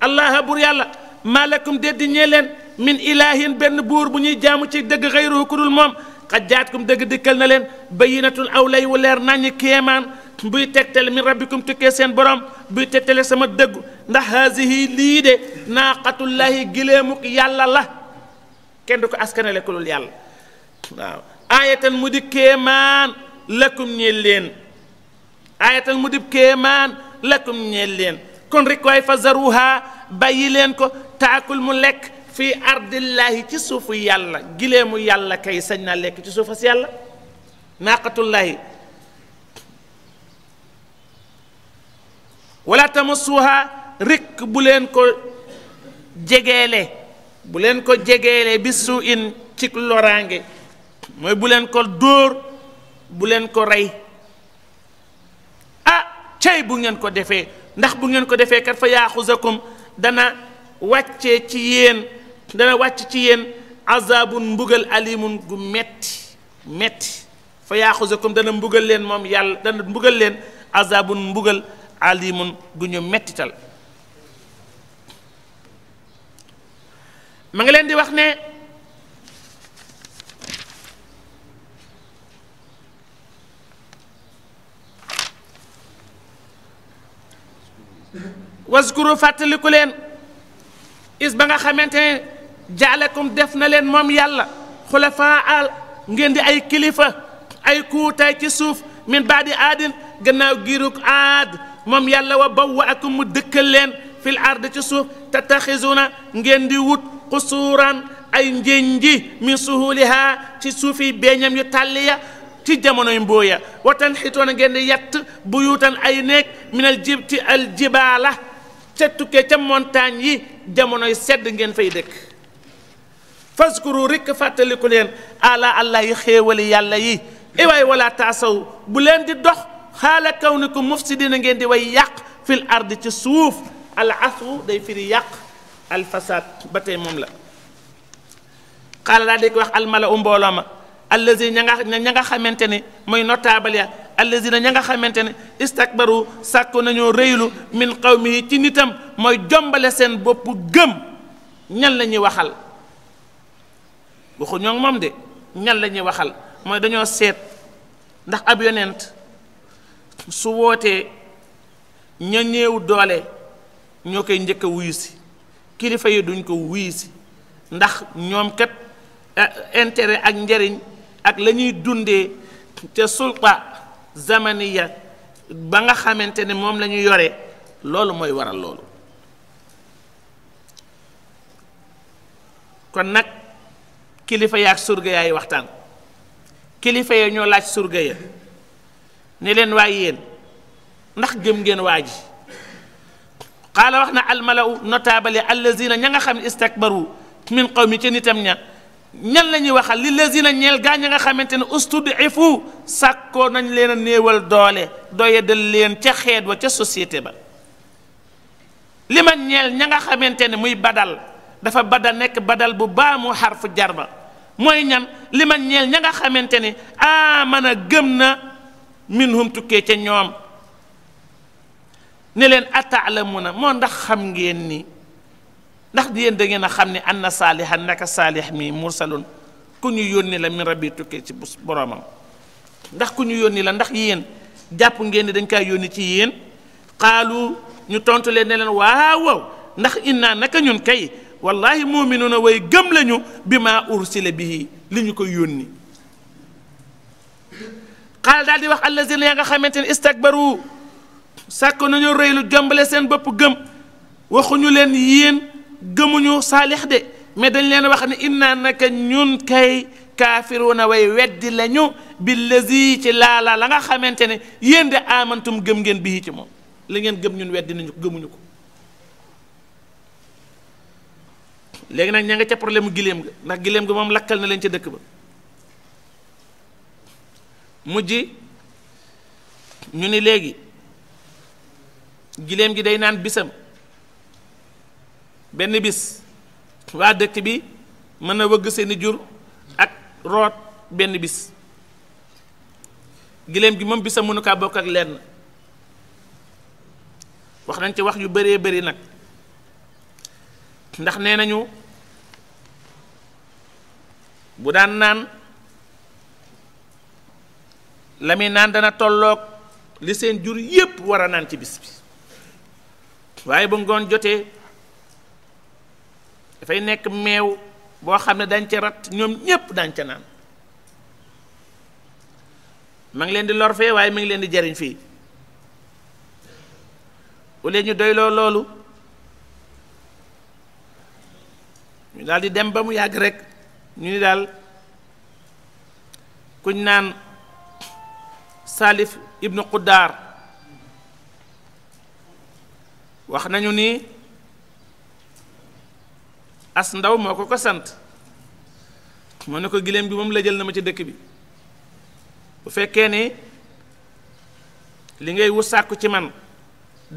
allah buur yàlla malakum déddi ñee leen min ilahin benn buur bu ñuy jaamu ci dëgg xayruhu ku dul moom xajaatkum dëgg dikkal na leen ba bayinatun aw lay wu leer naññi kéemaan buy tegtale min rabbikum tukkee seen borom buy tegtale sama dëggu ndax haasihi lii de naaqatullahi gileemuk yàlla la kenn du ko askanale ku dul yàlla waaw aayatan mu di kéemaan lakum ñeel leen aayatan mu di kéemaan lakum ñeel leen kon rek waay fa zaruha bàyyi leen ko taakul mu lekk fii ardillaahi ci suufu yàlla gileemu yàlla kay sañ naa lekk ci suufas yàlla naaqatullahi wala tamassuha rekk bu leen ko jegeele bu leen ko jegeele bi suu in ci loraange mooy bu leen ko dóor bu leen ko rey a ah, cay bu ngeen ko defee ndax bu ngeen ko defee kat fa yaaxuzakum dana wàcce ci yéen dana wàcc ci yéen azabun mbugal alimun gu metti metti fa yaaxuzakum dana mbugal leen moom yàlla dana mbugal leen azabun mbugal alimun gu ñu mettital ma ngi leen di wax ne waskuru fàttaliku leen is ba nga xamante ne jaalakum def na leen moom yàlla xulafaa al ngeen di ay kilifa ay kuutaay ci suuf min baadi aadin gannaaw giirug aad moom yàlla wa bawwa ak mu dëkkal leen fil ard ci suuf tattaxizuna ngeen di wut xusuuraan ay njënji min suhuliha ci suufi beeñam yu tàlliya ci jamonoy mbooya wa tanxitoona ngeen di yatt buyuutan ay néeg minal jib ci al jibaala ca tukkee ca montagne yi jamonoy sedd ngeen fay dëkk faskuru rikk fàttaliku leen ala allah yi xéewali yàlla yi iwaay wala taasaw bu leen di dox kaw xaala kawnikum mufsidina ngeen di way yàq fil ard ci suuf al aswu day firi yàq al fasaad ba tey moom la xaala daal di ko wax almala u mbooloo ma allazi ña nga ña nga xamante ne mooy notable ya na ña nga xamante ne istakbaru sàkku nañoo rëylu min qawmihi ci nitam mooy jombale seen bopp gëm ñan la ñuy waxal waxu ñoo moom de ñan la ñuy waxal mooy dañoo seet ndax ab yonent su wootee ña néew doole ñoo koy njëkk a wuyu kilifa yi duñ ko wuyu ndax ñoom kat eh, intérêt ak njariñ ak la ñuy dundee te sulta zamaniya ba nga xamante ne moom la yore loolu mooy waral loolu kon nag kilifa yaak surga yaay waxtaan kilifa ya ñoo laaj surga ya ne leen waay yéen ndax gëm ngeen waa ji xaala wax na almalaw notabale allazina ña nga xam ne istakbaru min qawmi ca nitam ña ñan la ñuy waxal li na ñeel gaa ña nga xamante ne ustudifu sàkkoo nañ leen a néewal doole doyadal leen ca xeet wa ca societé ba li ma ñeel ña nga xamante ne muy badal dafa badal nekk badal bu baamu xarfu jarba mooy ñan li ma ñeel ña nga xamante ne amana gëm na min minhum tukkee ce ñoom ne leen ataalamuna moo ndax xam ngeen ni ndax yéen da ngeen a xam ni an na saalihan naka saalih mi mursalun ku ñu yónni la min rabbi tukkee ci bus boromam ndax ku ñu yónni la ndax yéen jàpp ngeen ni dañ kaa yónni ci yéen xaalu ñu tontu leen ne leen waaw waaw ndax innaa naka ñun kay wallahi muminuna way gëm lañu bi maa ursila bihi li ñu ko yónni xaala daal di wax allazina yaa nga xamante ne istakbaru sàkk nañu rëy lu jombale seen bopp gëm waxuñu leen yéen gëmuñu saalix de mais dañ leen wax ne inna naka ñun kay kaafiruuna way weddi lañu billazi ci laala la nga xamante ne yéen de amantum gëm ngeen bii ci moom li ngeen gëm ñun weddi nañu gëmuñu ko léegi nag ña ngi ca problème mu gileem ga ndax gileem ga moom lakkal na leen ca dëkk ba mujj ñu ni léegi giléem gi day naan bisam benn bis waa dëkk bi mën na wëgg seeni jur ak root benn bis giléem gi moom bisam mënu bokk ak lenn wax nañ ci wax yu bëree bari nag ndax nee nañu bu daan naan lami naan dana tollook li seen jur yépp war a naan ci bis bi waaye bu ngoon jotee dafay nekk meew boo xam ne dañ ca rat ñoom ñépp dañ ca naan ma ngi leen di lor fee waaye mi ngi leen di jariñ fii au lieu ñu doyloo loolu ñu daal dem ba mu yàgg rekk ñu ni daal kuñ naan Salif ibnu Quddaar wax nañu ni as ndaw moo ko ko sant moo ne ko giléem bi moom la jël na ma ci dëkk bi bu fekkee ni li ngay wut sàkku ci man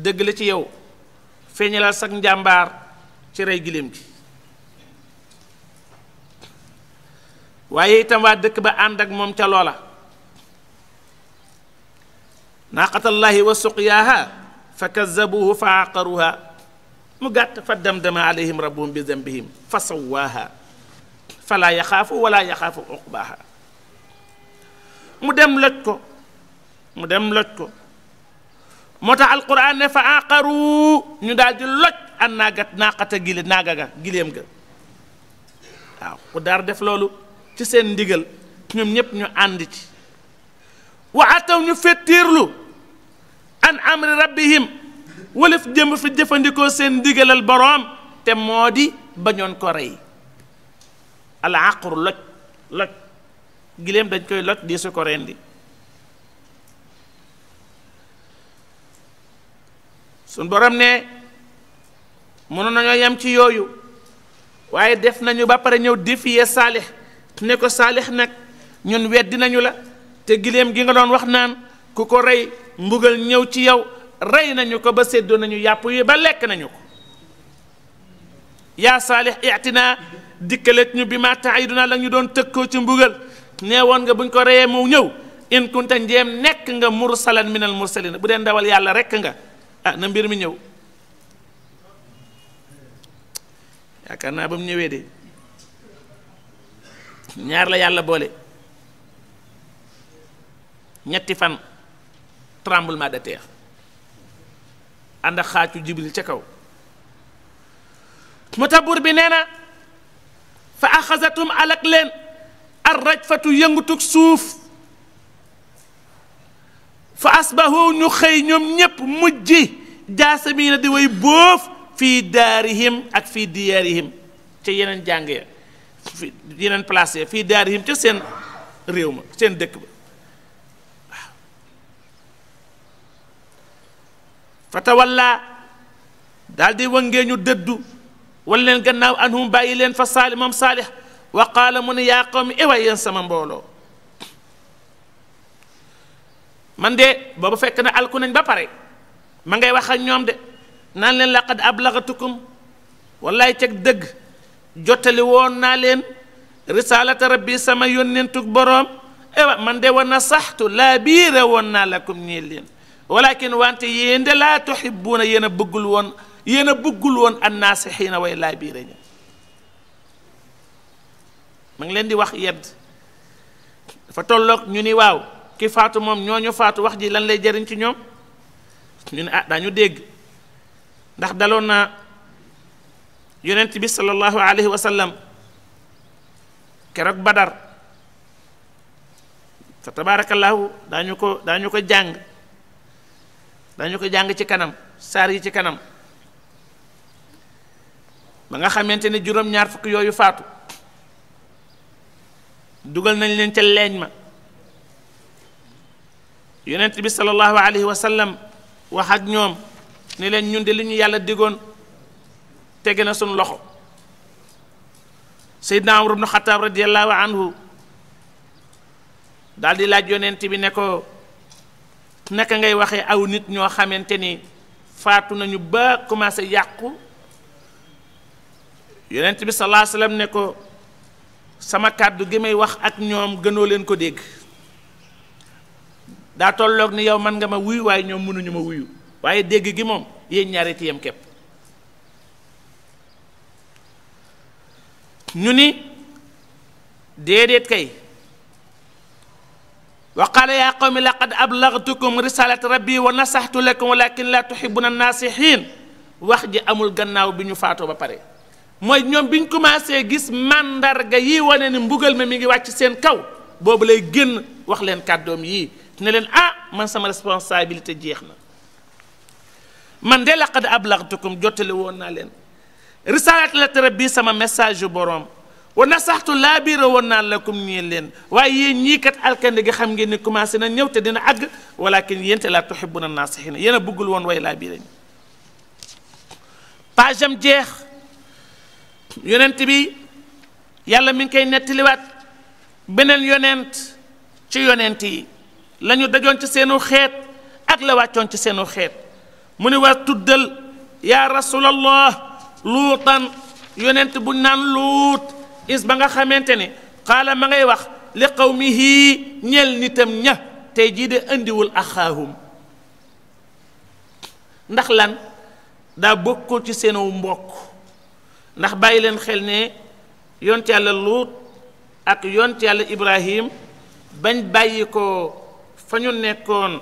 dëgg la ci yow feeñalal sag njàmbaar ci rey giléem gi waaye itam waa dëkk ba ànd ak moom ca loola naaqatallaahi wa suqyaaha fa kazabuuhu fa aqaruha mu gàtt fa damdama alayhim rabbuhum bi dambihim fa sawaaha falaa yaxaafu walaa yaxaafu uqbaaha mu dem loj ko mu dem loj ko moo tax alquran ne fa aqaru ñu daal di loj an naagat naaqata gile naaga daar def loolu ci seen ndigal ñoom ñépp ñu ànd ci wa ataw ñu fettiirlu an amri rabbihim walaf jëm fi jëfandikoo seen ndigalal boroom te moo di bañoon ko rey al àqru loj loj giléem dañ koy loj di su ko rendi suñ borom ne mënoon nañoo yem ci yooyu waaye def nañu ba pare ñëw défier saalix ne ko saalix nag ñun weddi nañu la te giléem gi nga doon wax naan ku ko rey mbugal ñëw ci yow rey nañu ko ba séddoo nañu yàpp yi ba lekk nañu ko yaa saalix itinaa dikkalet ñu bi ma taiduna la ñu doon tëkkoo ci mbugal nee woon nga buñ ko reyee mu ñëw in kunta nekk nga mursalan min al mursalina bu dee ndawal yàlla rekk nga ah na mbir mi ñëw yaakaar naa ba mu ñëwee de ñaar la yàlla boole ñetti fan tremblement de terre ànd ak xaaju jibril ca kaw mu tax bi nee na fa axasatum alak leen ar rajfatu yëngutug suuf fa asbahu ñu xëy ñoom ñépp mujj jaasamiina di way boof fii daarihim ak fii diyaarihim ca yeneen jàng yeneen place ya fii daarihim ca seen réew ma seen dëkk ba fatawalla daal di wangee ñu dëddu wan leen gannaaw anhum bàyyi leen fa saali moom saalix wa qaala mu yaa qawmi ewaay yéen sama mbooloo man de booba fekk na alku nañ ba pare ma ngay wax ñoom de naan leen laqad ablaghtukum wallaay teg dëgg jottali woon naa leen risaalata rabbi sama yónnentug boroom ewa man de wa nasaxtu laa biire woon naa lakum ñii leen walakin wante yéen de laa tuhibbuuna yéen a bëggul woon yéen a bëggul woon annaasixiina way laa biire ña ngi leen di wax yedd dafa tolloog ñu ni waaw ki faatu moom ñoo ñu faatu wax ji lañ lay jariñ ci ñoom ñu ne ah dañu dégg ndax daloon na yonent bi sallallahu alayhi wa sallam keroog badar fa tabarakallahu ko jàng dañu ko jàng ci kanam saar yi ci kanam ba nga xamante ne juróom-ñaar fukk yooyu faatu dugal nañ leen ca leeñ ma yonent bi sallallahu alayhi wa wax ak ñoom ni leen ñun de li ñu yàlla digoon tege na suñu loxo seydna amar ibnu xataab radiallahu anhu daldi laaj yonent bi ne ko naka ngay waxee aw nit ñoo xamante ni faatu nañu ba commencé yàqu yonent bi sallallahu alayhi ne ko sama kàddu gi may wax ak ñoom gënoo leen ko dégg daa tolloog ni yow man nga ma wuyu waaye ñoom mënuñu ma wuyu waaye dégg gi moom yéen ñaari tiyam kepp ñu ni déedéet kay wa qaala yaa qawmi laqad ablagtukum risalata rabbi wa nasaxtu lakum walakin laa tuxibuna nasihin wax ji amul gannaaw bi ñu faatoo ba pare mooy ñoom bi ñu commencé gis màndarga yi wane ni mbugal ma mi ngi wàcc seen kaw boobu lay génn wax leen kàddoom yii ne leen ah man sama responsabilité jeex na man de laqad ablagtukum jottali woon naa leen risalata rabbi sama message yu boroom wa nasaxtu laa biira woon naan la ñeen leen waaye yéen ñii kat alkande gi xam ngeen ni commencé na ñëw te dina àgg walakin yénte laa tuhibbuna naasixina yéen a bëggul woon way laa biira ñi page am jeex yonent bi yàlla mi ngi koy nettaliwaat beneen yonent ci yonent yi la ñu dajoon ci seenu xeet ak la wàccoon ci seenu xeet mu ni waa tuddal yaa rasulallah luutan yonent bu naan luut is ba nga xamante ne xaala ma ngay wax li qawmihi ñel nitam ña tey jii de indiwul axaahum ndax lan daa koo ci seenu mbokk ndax bàyyi leen xel ne yont yàlla luut ak yont yàlla ibrahim bañ bàyyi ko fa ñu nekkoon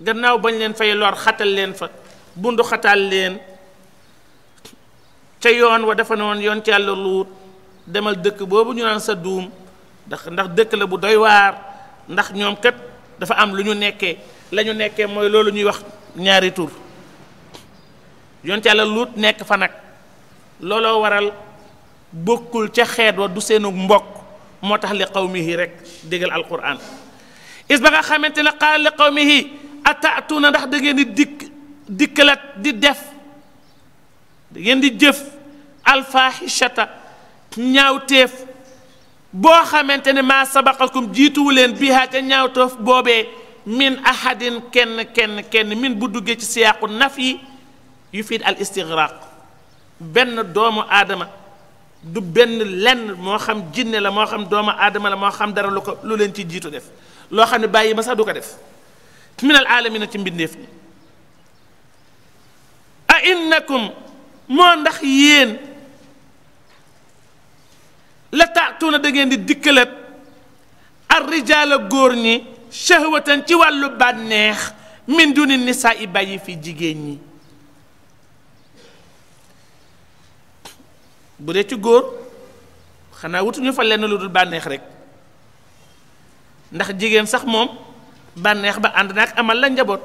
gannaaw bañ leen fay lor xatal leen fa bundu xatal leen ca yoon wa dafa ne woon yoon ci yàlla luut demal dëkk boobu ñu naan sa duum ndax ndax dëkk la bu doy waar ndax ñoom kat dafa am lu ñu nekkee la ñu nekkee mooy loolu ñuy wax ñaari tur yoon ci luut nekk fa nag looloo waral bokkul ca xeet wa du seenu mbokk moo tax li qawmihi rek déggal alquran is ba nga xamante ne qaal li qawmihi na ndax da di dikk dikkalaat di def da ngeen di jëf alfaaxishata ñaawteef boo xamante ne maa sabaqakum jiituwu leen biha ca ñaawteef boobee min ahadin kenn kenn kenn min bu duggee ci siyaaqu naf yi yu fiit al istigraq benn doomu aadama du benn lenn moo xam jinne la moo xam doomu aadama la moo xam dara lu ko lu leen ci jiitu def loo xam ne bàyyi ma sax du ko def minal aalamina ci mbindeef ni a innakum moo ndax yéen la taatuuna da ngeen di dikkaleet ar rijaala góor ñi shahwatan ci wàllu bànneex min ni saa i bàyyi fi jigéen ñi bu dee ci góor xanaa wutuñu fa lenn lu dul bànneex rek ndax jigéen sax moom bànneex ba ànd naag amal la njaboot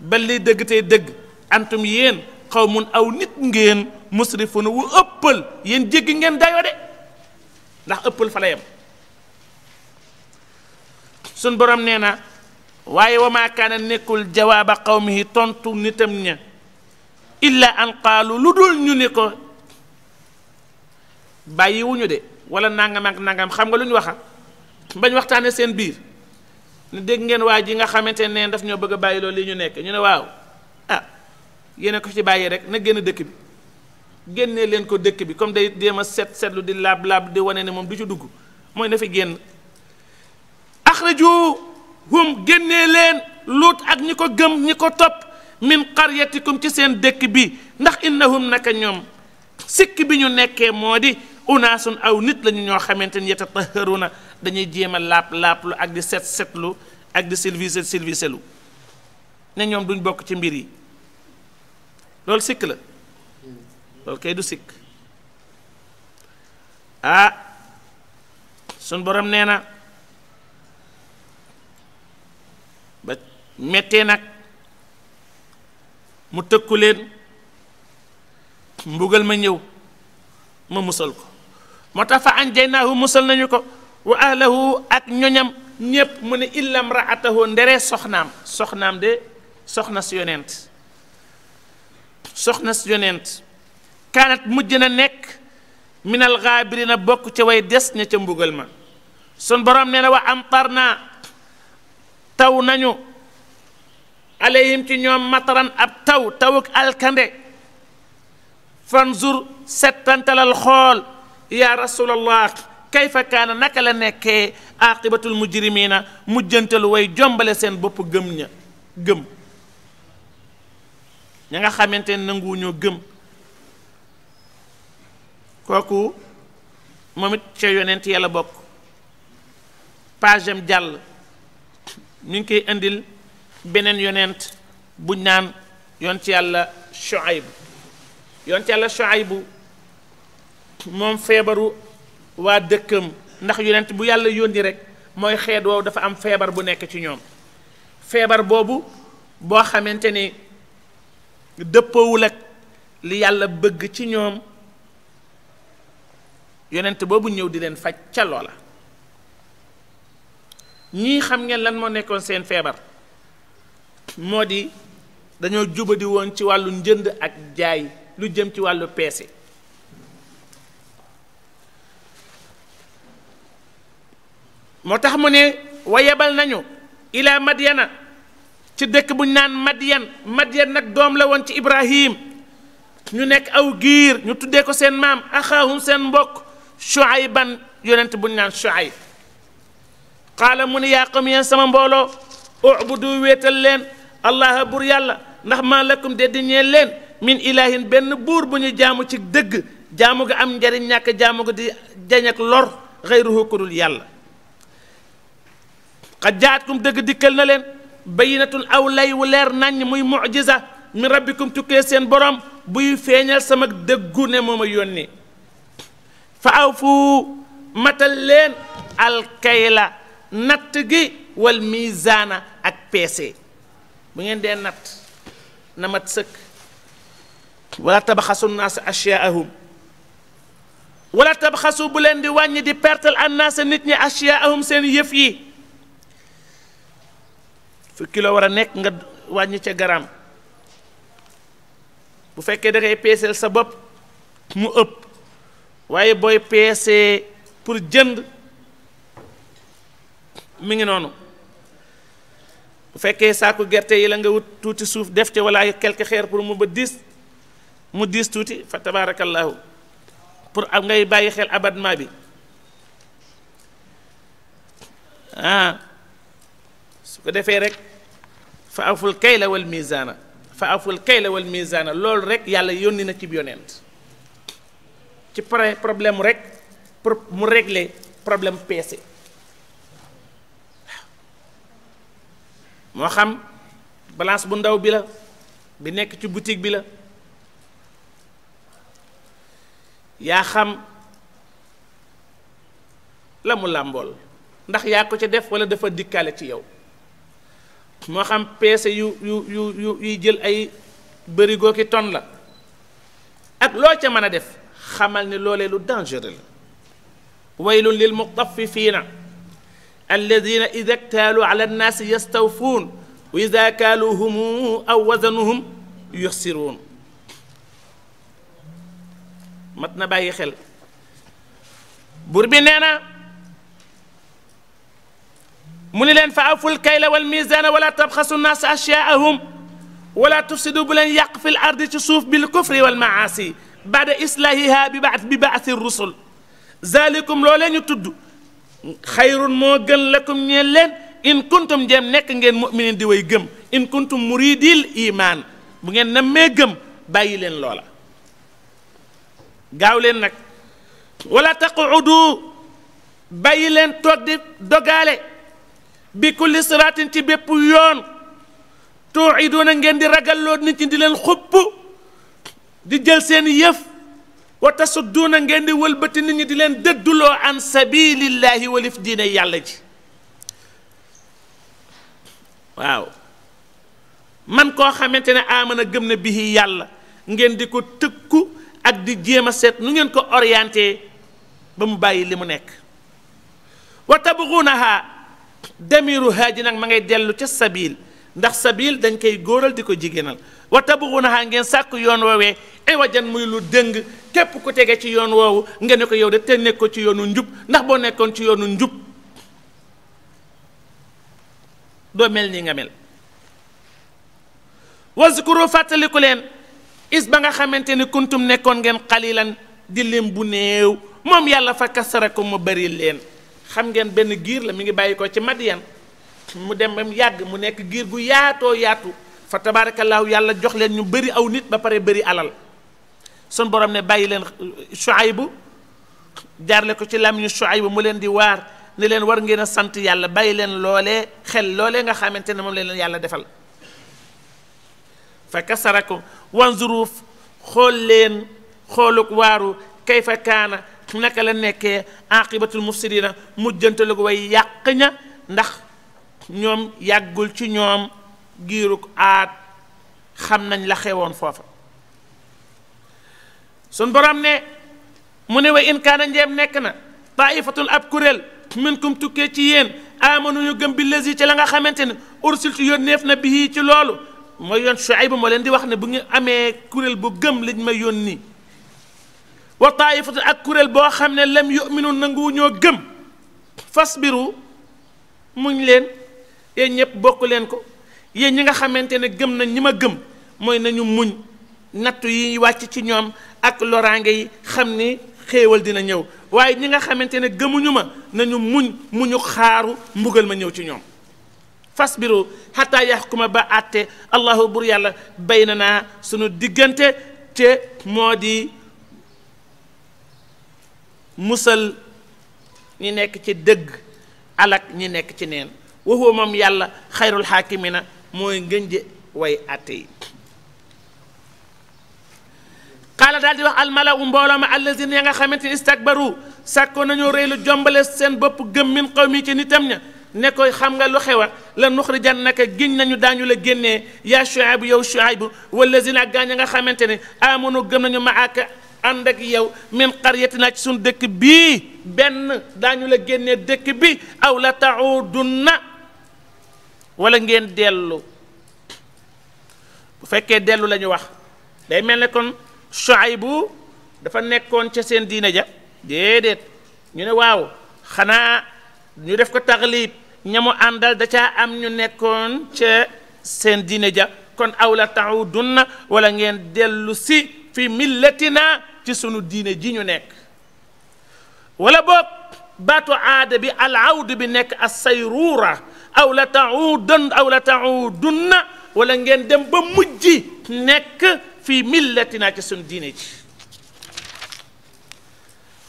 bal liy dëgg tey dëgg antum yéen xaw mun aw nit ngeen musrifuna wu ëppal yéen jéggi ngeen dayoo de ndax ëppal fa la yem sun borom nee na waaye wa maa kaana nekkul jawaaba qawmihi tontu nitam ña illa an qaalu lu dul ñu ni ko bàyyiwuñu de wala nangam ak nangam xam nga lu ñu waxa bañ waxtaane seen biir ne dégg ngeen waa ji nga xamante ne daf ñoo bëgg a bàyyi loolu li ñu nekk ñu ne waaw ah yéen a ko ci bàyyi rek na génn dëkk bi génnee leen ko dëkk bi comme day jéem a set setlu di laab laab di wane ne moom du ci dugg mooy na fi génn axraju hum génnee leen luut ak ñi ko gëm ñi ko topp min qaryatikum ci seen dëkk bi ndax innahum naka ñoom sikk bi ñu nekkee moo di unaasun aw nit lañu ñoo xamante ni yatataharuna dañuy jéem a laab laablu ak di set setlu ak di silvisé silvisé lu ne ñoom duñ bokk ci mbir yi loolu sikk la loolu kay du sikk ah sun borom nee na ba mettee nag mu tëkku leen mbugal ma ñëw ma musal ko moo tax fa anjaynaahu musal nañu ko wa ahlahu ak ñoñam ñépp mu ne illam raatahu ndere soxnaam soxnaam de soxna si yonent soxna si yonent kaanat mujj na nekk minal gaabirina bokk ca way des ña ca mbugal ma sun borom nee na wa amtar naa taw nañu aleyhim ci ñoom mataran ab taw tawuk alkande fanzur settantalal xool yaa rasulallah kayfa kaana naka la nekkee aqibatul mujrimina mujjantalu way jombale seen bopp gëm ña gëm ña nga xamante ne nanguwuñoo gëm kooku moom it ca yonent yàlla bokk pagem jàll ñu ngi koy indil beneen yonent buñ naan yonent yàlla Shuayb yonent yàlla Shuayb moom feebaru waa dëkkam ndax yonent bu yàlla yónni rek mooy xeet woowu dafa am feebar bu nekk ci ñoom feebar boobu boo xamante ni dëppoowul ak li yàlla bëgg ci ñoom yonent boobu ñëw di leen faj ca loola ñii xam ngeen lan moo nekkoon seen feebar moo di dañoo jubadi woon ci wàllu njënd ak jaay lu jëm ci wàllu peese moo tax mu ne wa yebal nañu ilaa madyana ci dëkk bu naan madyan madyan nag doom la woon ci ibrahim ñu nekk aw giir ñu tuddee ko seen maam axaahum seen mbokk ban yonent bu naan Shuayb qaala mu ne yaa qawmi yéen sama mbooloo ubudu wéetal leen allah bur yàlla ndax maa lakum de di ñeel leen min ilahin benn buur bu ñu jaamu ci dëgg jaamu ga am njariñ ñàkk jaamu ga di jañ lor xayruhu ku yàlla xad jaatkum dëgg dikkal na leen bayinatun aw lay wu leer naññ muy mujiza min rabbikum tukkee seen borom buy feeñal sama dëggu ne mooma yónni fa aw fu matal leen alkayla natt gi wal mizaana ak peese bu ngeen dee natt na mat sëkk wala tabaxasu naas ashyaahum wala tabaxasu bu leen di wàññi di pertal annaas nit ñi ashyaahum seen yëf yi fu kilo war a nekk nga wàññi ca garam bu fekkee da ngay peeseel sa bopp mu ëpp waaye booy peesee pour jënd mi ngi noonu bu fekkee saaku gerte yi la nga wut tuuti suuf def ci wala ay quelque xeer pour mu ba diis mu diis tuuti fa tabaarakallaahu pour ak ngay bàyyi xel abattement bi ah su ko defee rek fa aful kayla wal mizaana fa aful kayla wal mizaana loolu rek yàlla yónni na ci yonent ci pare problème rek pour mu régler problème peese moo xam balance bu ndaw bi la bi nekk ci boutique bi la yaa xam la mu làmbool ndax yaa ko ca def walla dafa dikkaale ci yow moo xam peese yu yu yu yu yuy jël ay bërigo ki ton la ak loo ca mën a def xamal ne loolee lu dangereux la waylun lil mutafifiina alladina ida ktaalu ala annaasi yastawfuun wa ida kaaluhum aw wazanuhum yuxsiruun mat na bàyyi xel buur bi nee na mu ni leen fa awful kayla wal miizaana wala tabxasu naasa ashyaahum wala tufsidu bu leen yàq fi l ardi ci suuf bil kufri wal maasi baada islahiha bi baat bi baati rusul zalikum loolee ñu tudd xayrun moo gën lakum ñeen leen in kuntum njeem nekk ngeen muminin di way gëm in kuntum muridil imaan bu ngeen nammee gëm bàyyi leen loola gaaw leen nag wala taqudu bàyyi leen toog di dogaale bi kulli siraatin ci bépp yoon tuuiduuna ngeen di ragalloo nit ñi di leen xupp di jël seen yëf wa tasudduuna ngeen di wëlbati nit ñi di leen dëdduloo an sabilillahi walif diine yàlla ji waaw man koo xamante ne amana gëm ne bihi yàlla ngeen di ko tëkku ak di jéem a seet nu ngeen ko orienté ba mu bàyyi li mu nekk wa tabguunaha damiru haaji nag ma ngay dellu ca sabil ndax sabil dañ koy góoral di ko jigéenal wa tabuxunaha ngeen sàkk yoon woowee iwajan muy lu dëng képp ku tege ci yoon woowu nga ne ko yow de te nekk ko ci yoonu njub ndax boo nekkoon ci yoonu njub doo mel nii nga mel wazkuru fàttaliku leen is ba nga xamante ni kuntum nekkoon ngeen xalilan di lim bu néew moom yàlla fa kasara ko mu bari leen xam ngeen benn giir la mu ngi bàyyi ko ci Madiyan mu dem ba yàgg mu nekk giir gu yaatoo yaatu fa tabaarakallaahu yàlla jox leen ñu bari aw nit ba pare bari alal sun borom ne bàyyi leen bu jaarle ko ci làmmiñu Shuaybu mu leen di waar ni leen war ngeen a sant yàlla bàyyi leen loolee xel loole nga xamante ne moom leen leen yàlla defal fa kasara ko wanzuru xool leen xooluk waaru kayfa kaana naka la nekkee aqibatul mufsidina mujjantalu way yàq ña ndax ñoom yàggul ci ñoom giiruk aat xam nañ la xewoon foofa sun borom ne mu ne wa in kaana njeem nekk na taifatun ab kuréel minkum tukkee ci yéen amanu ñu gëm bi lesi ci la nga xamante ni ne ursiltu yónneef na bi ci loolu mooy yoon Shuayb moo leen di wax ne bu ngeen amee kuréel bu gëm lañ ma yónni wa taifatun ak kuréel boo xam ne lam yuminu nangu ñoo gëm fas fasbiru muñ leen yéen ñëpp bokk leen ko yéen ñi nga xamante ne gëm nañ ñi ma gëm mooy nañu muñ nattu yi wàcc ci ñoom ak loraange yi xam ni xéewal dina ñëw waaye ñi nga xamante ne gëmuñu ma nañu muñ muñu xaaru mbugal ma ñëw ci ñoom fasbiru xataa yaxkuma ba àtte allahu bur yàlla bay na naa sunu diggante te moo di musal ñi nekk ci dëgg alak ñi nekk ci neen wa huwa moom yàlla xayrul xaakimina mooy ngënje way atte yi xaala daal wax almala u mbooloo ma allazina ya nga xamante ni istakbaru sàkko nañoo rëy lu jombale seen bopp gëm min xaw mi ci nitam ña ne koy xam nga lu xewa la nuxrijan naka giñ nañu daañu la génnee yaa Shuaybu yow Shuaybu wallazina ak gaañ a nga xamante ne amanu gëm nañu ma ak ànd ak yow min qaryatina ci suñu dëkk bii benn daañu la génnee dëkk bi aw la taudunna wala ngeen dellu bu fekkee dellu lañu wax day mel ne kon Shuaybu dafa nekkoon ca seen diine ja déedéet ñu ne waaw xanaa ñu def ko taxlib ñamu àndal da caa am ñu nekkoon ca seen diine ja kon aw la taudunna wala ngeen dellu si fi millatina ci sunu diine ji ñu nekk wala boog baatu aada bi al awd bi nekk as sayruura aw la taudan aw la taudunna wala ngeen dem ba mujj nekk fii millatina ci suñu diine ji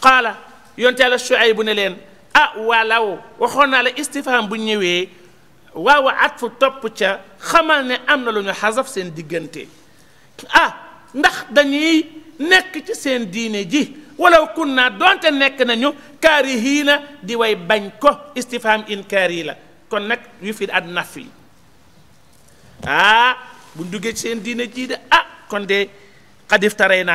qaala yonte yàlla Shuayb bu ne leen ah waalaw waxoon naa la istifham bu ñëwee waaw at fu topp ca xamal ne am na lu ñu xasaf seen diggante ah ndax dañuy nekk ci seen diine ji walaw kun naa doonte nekk nañu kaarihiina di way bañ ko istifham inkaari la kon nag yufid ad nafi ah bu duggee ci seen diine jii de ah kon de xadif tarey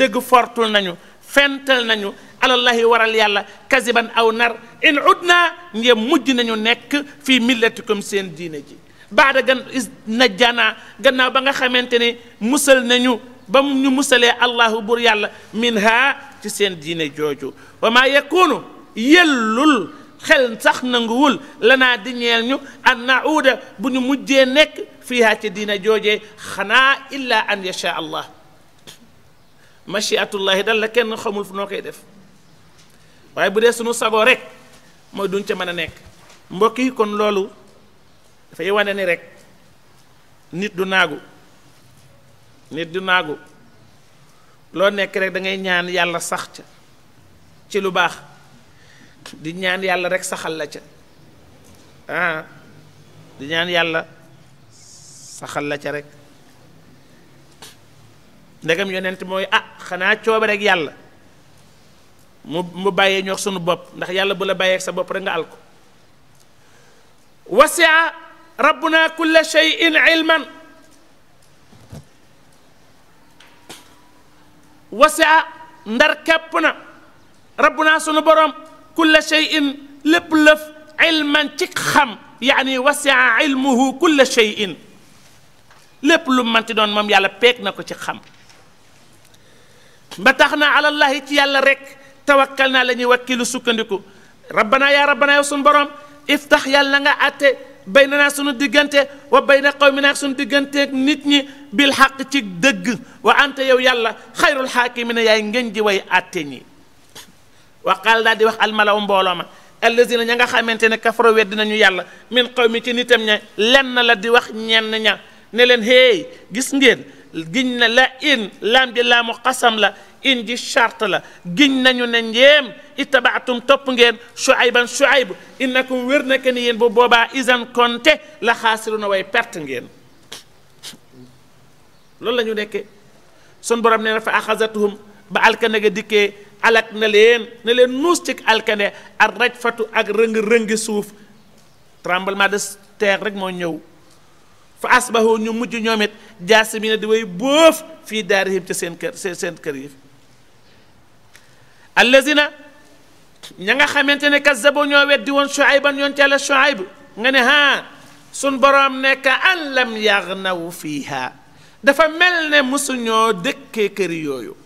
dëgg fortul nañu fental nañu alallahi waral yàlla kasiban aw nar in udna nge mujj nañu nekk fii millatikum seen diine ji baada gan gannaaw ba nga xamante ne musal nañu ba ñu musalee allahu bur yàlla min ha ci seen diine jooju wa maa yakunu yellul xel sax nanguwul lanaa di ñeel ñu na nauuda bu ñu mujjee nekk fii ca diina jooje xanaa illa an yasha allah machiatullahi dal la kenn xamul fu noo koy def waaye bu dee suñu sagoo rek mooy duñ ca mën a nekk mbokk yi kon loolu dafay wane ni rek nit du naagu nit du naagu loo nekk rek dangay ñaan yàlla sax ci lu baax di ñaan yàlla rek saxal la ca ah di ñaan yàlla saxal la ca rek ndegam yonent mooy ah xanaa coobare rek yàlla mu mu bàyyee ñoo sunu bopp ndax yàlla bu la bàyyeeg sa bopp rek nga al ko wasia rabbuna kulla shay'in ilman wasia ndar képp na rabbuna sunu borom kulla shay'in lépp lëf ilman ci xam yaani wasia ilmuhu kulla shay'in lépp lu manti doon moom yàlla peeg na ko ci xam ba tax na alallahi ci yàlla rek tawakkal naa lañuy ñuy wakkilu sukkandiku rabbana yaa rabbana yow suñu borom iftax yàlla nga àtte bay na naa sunu diggante wa bay na xaw mi naa suñu digganteeg nit ñi bil xaq ci dëgg wa ante yow yàlla xayrul xaakimina yaay ngeen ji way àtte ñi waqaal daal di wax almalaw mbooloo ma allazina nga xamante ne kafaro weddi nañu yàlla min xaw mi ci nitam ña lenn la di wax ñenn ña ne leen hey gis ngeen giñ na la in laam ji laamu xasam la in ji charte la giñ nañu ne njéem ittabaatum topp ngeen shuayban ay innakum wér na ke ni yéen bu boobaa isan konte la xaasiruna way perte ngeen loolu la ñu sun borom nee na axasatuhum ba alkana ga dikkee alak na leen na leen nuus ci alkande ak rajfatu ak rëng-rëngi suuf tremblement de terre rek moo ñëw fa asbahu ñu mujj ñoom it jaasi bi di way bóof fii daarihim ci seen kër seen kër yi allazina ña nga xamante ne kazzabo ñoo weddi woon Shuayban yoon ci Yàlla Shuayb nga ne ha sun boroom nekk an lam fii fiiha dafa mel ne mosuñoo dëkkee kër yooyu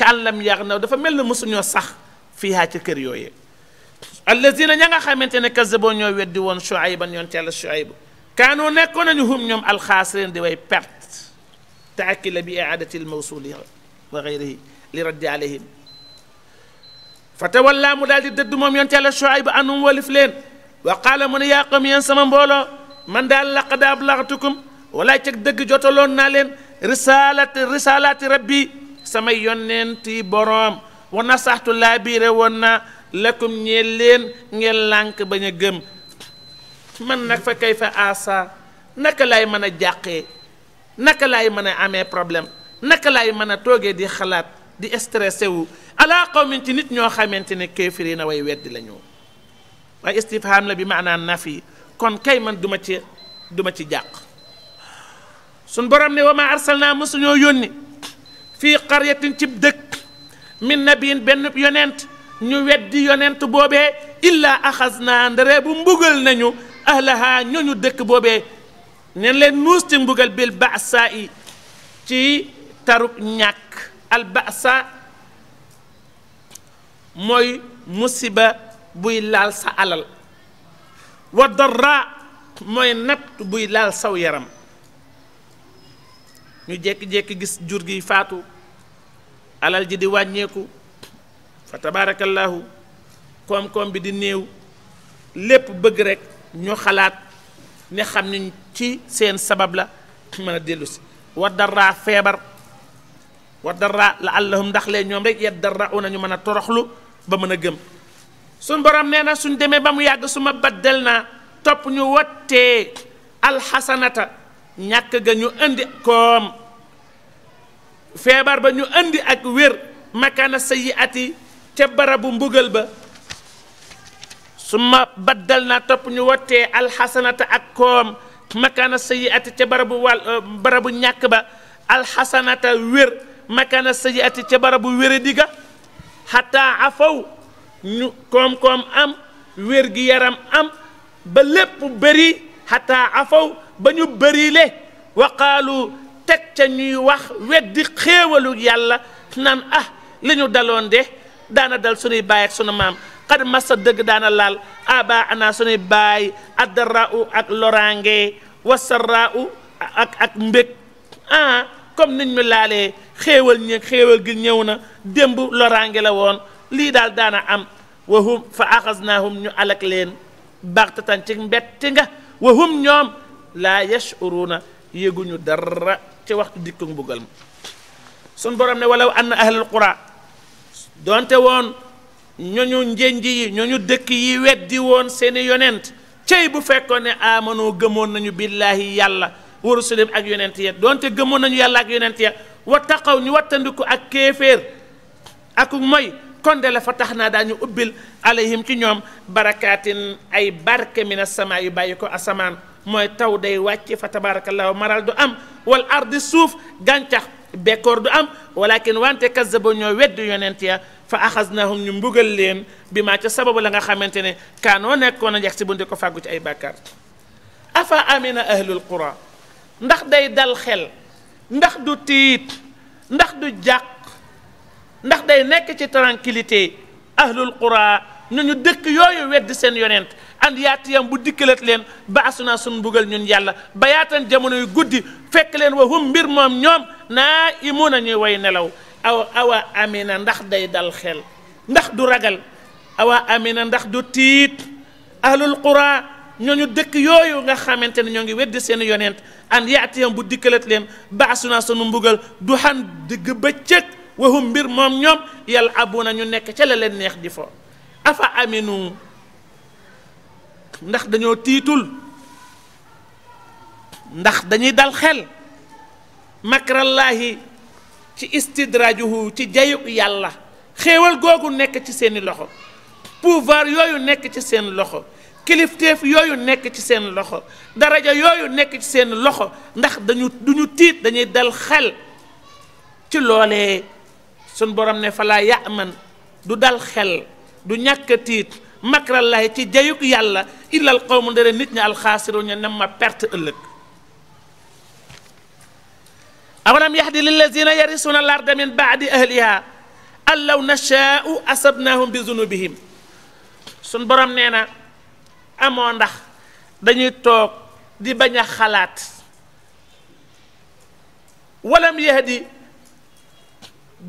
kàllam yar naw dafa mel na mosuñoo sax fiihaa ca kër yooyee allazina ña nga xamante ne kazaboo ñoo weddi woon Shuayban yoon ci yàlla Shuaybu kaanoo nekkoon nañu hum ñoom alxaasireen di way perte taakila bi iadati lmawsuli wa gayrihi li raddi alayhim fa tawallaa mu daal di dëdd moom yoon ci yàlla Shuaybu anum walif leen wa qaala mu ne yaa qawmi yéen sama mbooloo man daal laqad ablaxtukum walaay cag dëgg jotaloon naa leen risalati rabbi samay yonneenti boroom wa saxtu laa biire woon na lakum ñee leen ngeen lànk bañ a gëm man nag fa kay fa aasa naka laay mën a jàqe naka laay mën a amee problème naka laay mën a toogee di xalaat di stressé wu alaa qawmin ci nit ñoo xamante ne kéefiri na way weddi la ñu waaye istifham la bi maanaan nafi kon kay man duma ci duma ci jàq suñ borom ne wa ma arsalnaa mosuñoo yónni fii qaryatin cib dëkk min nabiin benn yonent ñu weddi yonent boobee illaa axas naa ndare bu mbugal nañu ahlaha ñooñu dëkk boobee neen leen nuus ci mbugal bil basa yi ci taruk ñàkk al basa mooy musiba buy laal sa alal wa darra mooy natt buy laal saw yaram ñu jékki-jékki gis jur gi faatu alal ji di wàññeeku fa tabaarakallaahu koom-koom bi di néew lépp bëgg rekk ñu xalaat ne xam ni ci seen sabab la mën a dellusi si daraa feebar war la allahum ndax lee ñoom rek yet dara una ñu mën a toroxlu ba mën a gëm suñ borom nee na suñ demee ba mu yàgg suma ma baddal naa topp ñu wattee alxasanata ñàkk ga ñu indi koom feebar ba ñu indi ak wér makana ati ca barabu mbugal ba summa baddal naa topp ñu wottee alxasanata ak koom makana sayyiati ca barabu wàll euh, barabu ñàkk ba alxasanata wér makana sayyiati ca bara bu ga xataa afaw ñu koom-koom am wér gi yaram am ba lépp bëri xataa afaw ba ñu bërile waqaalu teg ca ñuy wax weddi xéewalu yàlla naan ah li ñu daloon de daana dal sunuy baay ak sunu maam xad masa dëgg daana laal aba ana sunuy baay addara ak loraange wasara u ak ak ah comme niñ ñu laalee xéewal ñi xéewal gi ñëw na démb loraange la woon lii daal daana am wahum fa axasnaahum ñu alak leen baxtatan ci mbetti nga wahum ñoom laa yashuruna yéguñu dara ca waxtu dikk mbugal ma sun borom ne walaw ann ahlal qura doonte woon ñooñu njënj yi ñooñu dëkk yi weddi woon seeni yonent cey bu fekkoon ne amanoo gëmoon nañu billaahi yàlla wa rusulim ak yonent ya doonte gëmoon nañu yàlla ak yonent ya wa taxaw ñu wattandiku ak kéeféer ak mooy kon la fa tax naa daañu ubbil alayhim ci ñoom barakaatin ay barke mina sama yu bàyyi ko asamaan mooy taw day wàcc fa tabaarakallaahu maral du am wal ardi suuf gàncax bekkoor du am walakin wante kazzabo ñoo weddi yonent ya fa axasnahum ñu mbugal leen bi maa ca sababu la nga xamante ne kaanoo nekkoon a njex si bunde ko fàggu ci ay bàkkaar afa amina ahlul qura ndax day dal xel ndax du tiit ndax du jàq ndax day nekk ci tranquillité ahlul qura ñu dëkk yooyu weddi seen yonent and yaatiyam bu dikkalat leen ba naa sun mbugal ñun yàlla ba yaatan jamono yu guddi fekk leen wa mbir moom ñoom naa imu na ñuy way nelaw awa awa amina ndax day dal xel ndax du ragal awa amina ndax du tiit ahlul ñoo ñu dëkk yooyu nga xamante ne ñoo ngi weddi seen yonent an yaatiyam bu dikkalat leen ba naa sunu mbugal du xan digg bëccëg wa mbir moom ñoom yàlla abu na ñu nekk ca la leen neex di fo afa aminu ndax dañoo tiitul ndax dañuy dal xel makrallaahi ci istidrajuhu ci jayu yàlla xéewal googu nekk ci seeni loxo pouvoir yooyu nekk ci seen loxo kilifteef yooyu nekk ci seen loxo daraja yooyu nekk ci seen loxo ndax dañu duñu tiit dañuy dal xel ci loolee sun borom ne falaa yàman du dal xel du ñàkk a tiit ci jayug yàlla illal qawmu ndere nit ñi alxaasiru ñu nem ma perte ëllëg awalam yahdi lillazina yarisuna larda min baadi ahliha an law nashaau asabnahum bi zunubihim suñ borom nee na amoo ndax dañuy toog di bañ a xalaat walam yahdi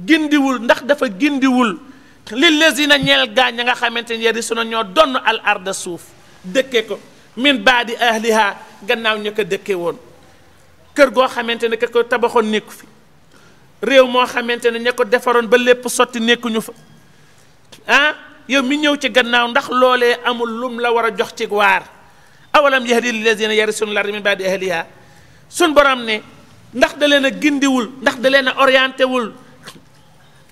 gindiwul ndax dafa gindiwul na ñeel gaañ ña nga xamante ni yari suna ñoo donn al arda suuf dëkkee ko min baadi ahliha gannaaw ñu ko dëkkee woon kër goo xamante ne ka ko tabaxoon nekku fi réew moo xamante ne ña ko defaroon ba lépp sotti nekkuñu fa ah yow mi ñëw ci gannaaw ndax loolee amul lum la war a jox ci waar awalam yahdi lillazina yarisuna al-arda min baadi ahliha suñ borom ne ndax da leen a gindiwul ndax da leen a orienté wul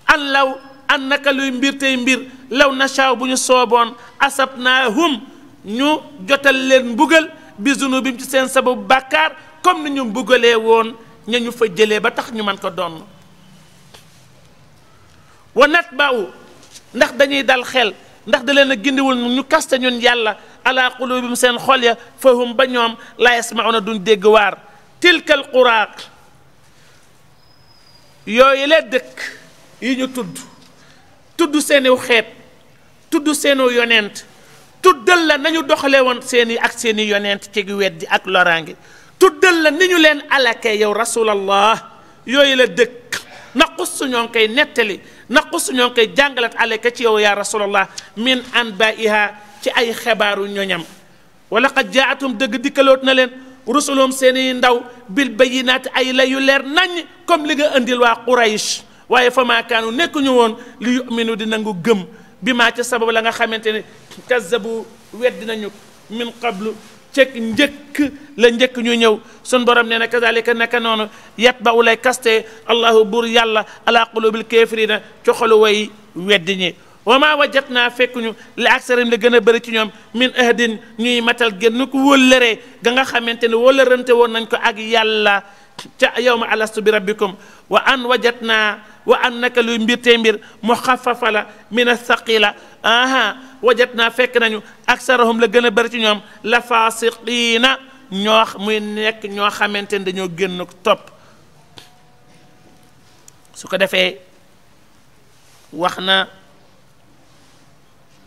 an law an naka luy mbir tey mbir law nachaaw bu ñu sooboon asab naahum ñu jotal leen mbugal bi zunubim ci seen sababu bàkkaar comme ni ñu mbugalee woon ña ñu fa jëlee ba tax ñu mën ko doon wa nat baaw ndax dañuy dal xel ndax da leen gindiwul ñu kaste ñun yàlla ala qulubim seen xol ya fahum ba ñoom la yasmauna duñ dégg waar tilkal quraaq yooyu la dëkk yi ñu tudd tudd seeniw xeet tudd seeniw yonent tuddal la nañu doxale woon seeni ak seeni yonent ci gi weddi ak loraange tuddal la ni ñu leen alakee yow rasulallah yooyu la dëkk naqus ñoo koy nettali naqus ñoo ngi koy jàngalat alaka ci yow yaa rasulallah min anbaiha ci ay xebaaru ñoñam wala qad jaatum dëgg dikkaloot na leen rusulum seeni ndaw bil bayinaati ay la yu leer naññ comme li nga indil waa Quraysh waaye fa maakaanu nekk ñu woon lu yuminu di nangu gëm bi ma ca sabab la nga xamante ne kazzabu weddi nañu min qablu ceg njëkk la njëkk ñu ñëw sun borom nee na kazalika naka noonu yatba'u lay kaste allahu buur yàlla ala qulubil kaafirina ci xolu way weddi ñi wa maa wajat naa fekk ñu ak aksarim la gën a bëri ci ñoom min ahdin ñuy matal génn ko wóllëree ga nga xamante ne wóllërante woon nañ ko ak yàlla ca yawma alastu bi rabbikum wa an wajat naa wa an naka luy mbir tey mbir mu xafafa la mina saqila aha wajat naa fekk nañu ak aksarahum la gën a bëri ci ñoom la faasiqiina ñoo muy nekk ñoo xamante ne dañoo génn topp su ko defee wax na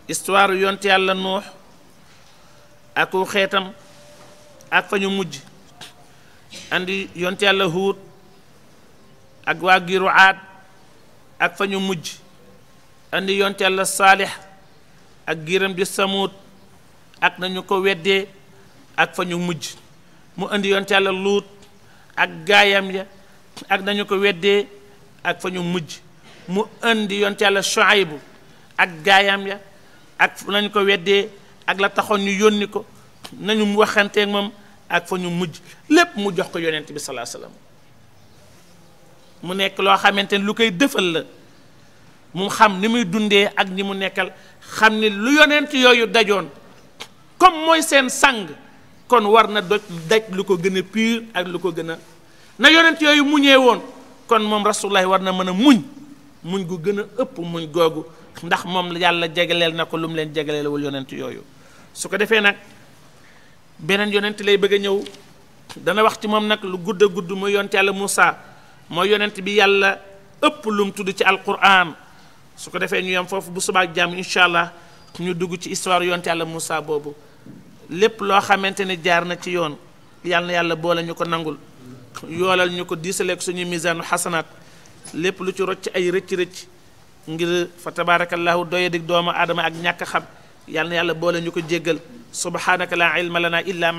histoire yonte yàlla nuux ak u xeetam ak fa ak waa giiru aad ak fa ñu mujj andi yonte yàlla saalix ak giram di samut ak nañu ko weddee ak fa ñu mujj mu indi yonte yàlla luut ak gaayam ya ak nañu ko weddee ak fa ñu mujj mu indi yonte ak gaayam ya ak ko weddee ak la taxoon ñu yónni ko nañu waxanteeg moom ak fa ñu mujj lépp mu jox ko yonent bi salaa salaam mu nekk loo xamante ni lu koy dëfal la mu xam ni muy dundee ak ni mu nekkal xam ni lu yonent yooyu dajoon comme mooy seen sang kon war na doj daj lu ko gën a pur ak lu ko gën a na yonent yooyu muñee woon kon moom rasulullahi war na mën a muñ muñ gu gën a ëpp muñ googu ndax moom yàlla jegaleel na ko lu mu leen jegaleel wul yonent yooyu su ko defee nag beneen yonent lay bëgg a ñëw dana wax ci moom nag lu gudd gudd mu yonte yàlla Moussa mooy yonent bi yàlla ëpp lum tudd ci alquran su ko defee ñu yam foofu bu subaa jàmm incha allah ñu dugg ci histoire yonent yàlla Moussa boobu lépp loo xamante ne jaar na ci yoon yàlla na yàlla boole ñu ko nangul yoolal ñu ko diisaleeg suñuy misaanu xasanaat lépp lu ci rocc ay rëcc-rëcc ngir fa tabarakallahu doye dig doomu aadama ak ñàkk xam yàlla yàlla boole ñu ko jéggal subhaanaka laa ilma illa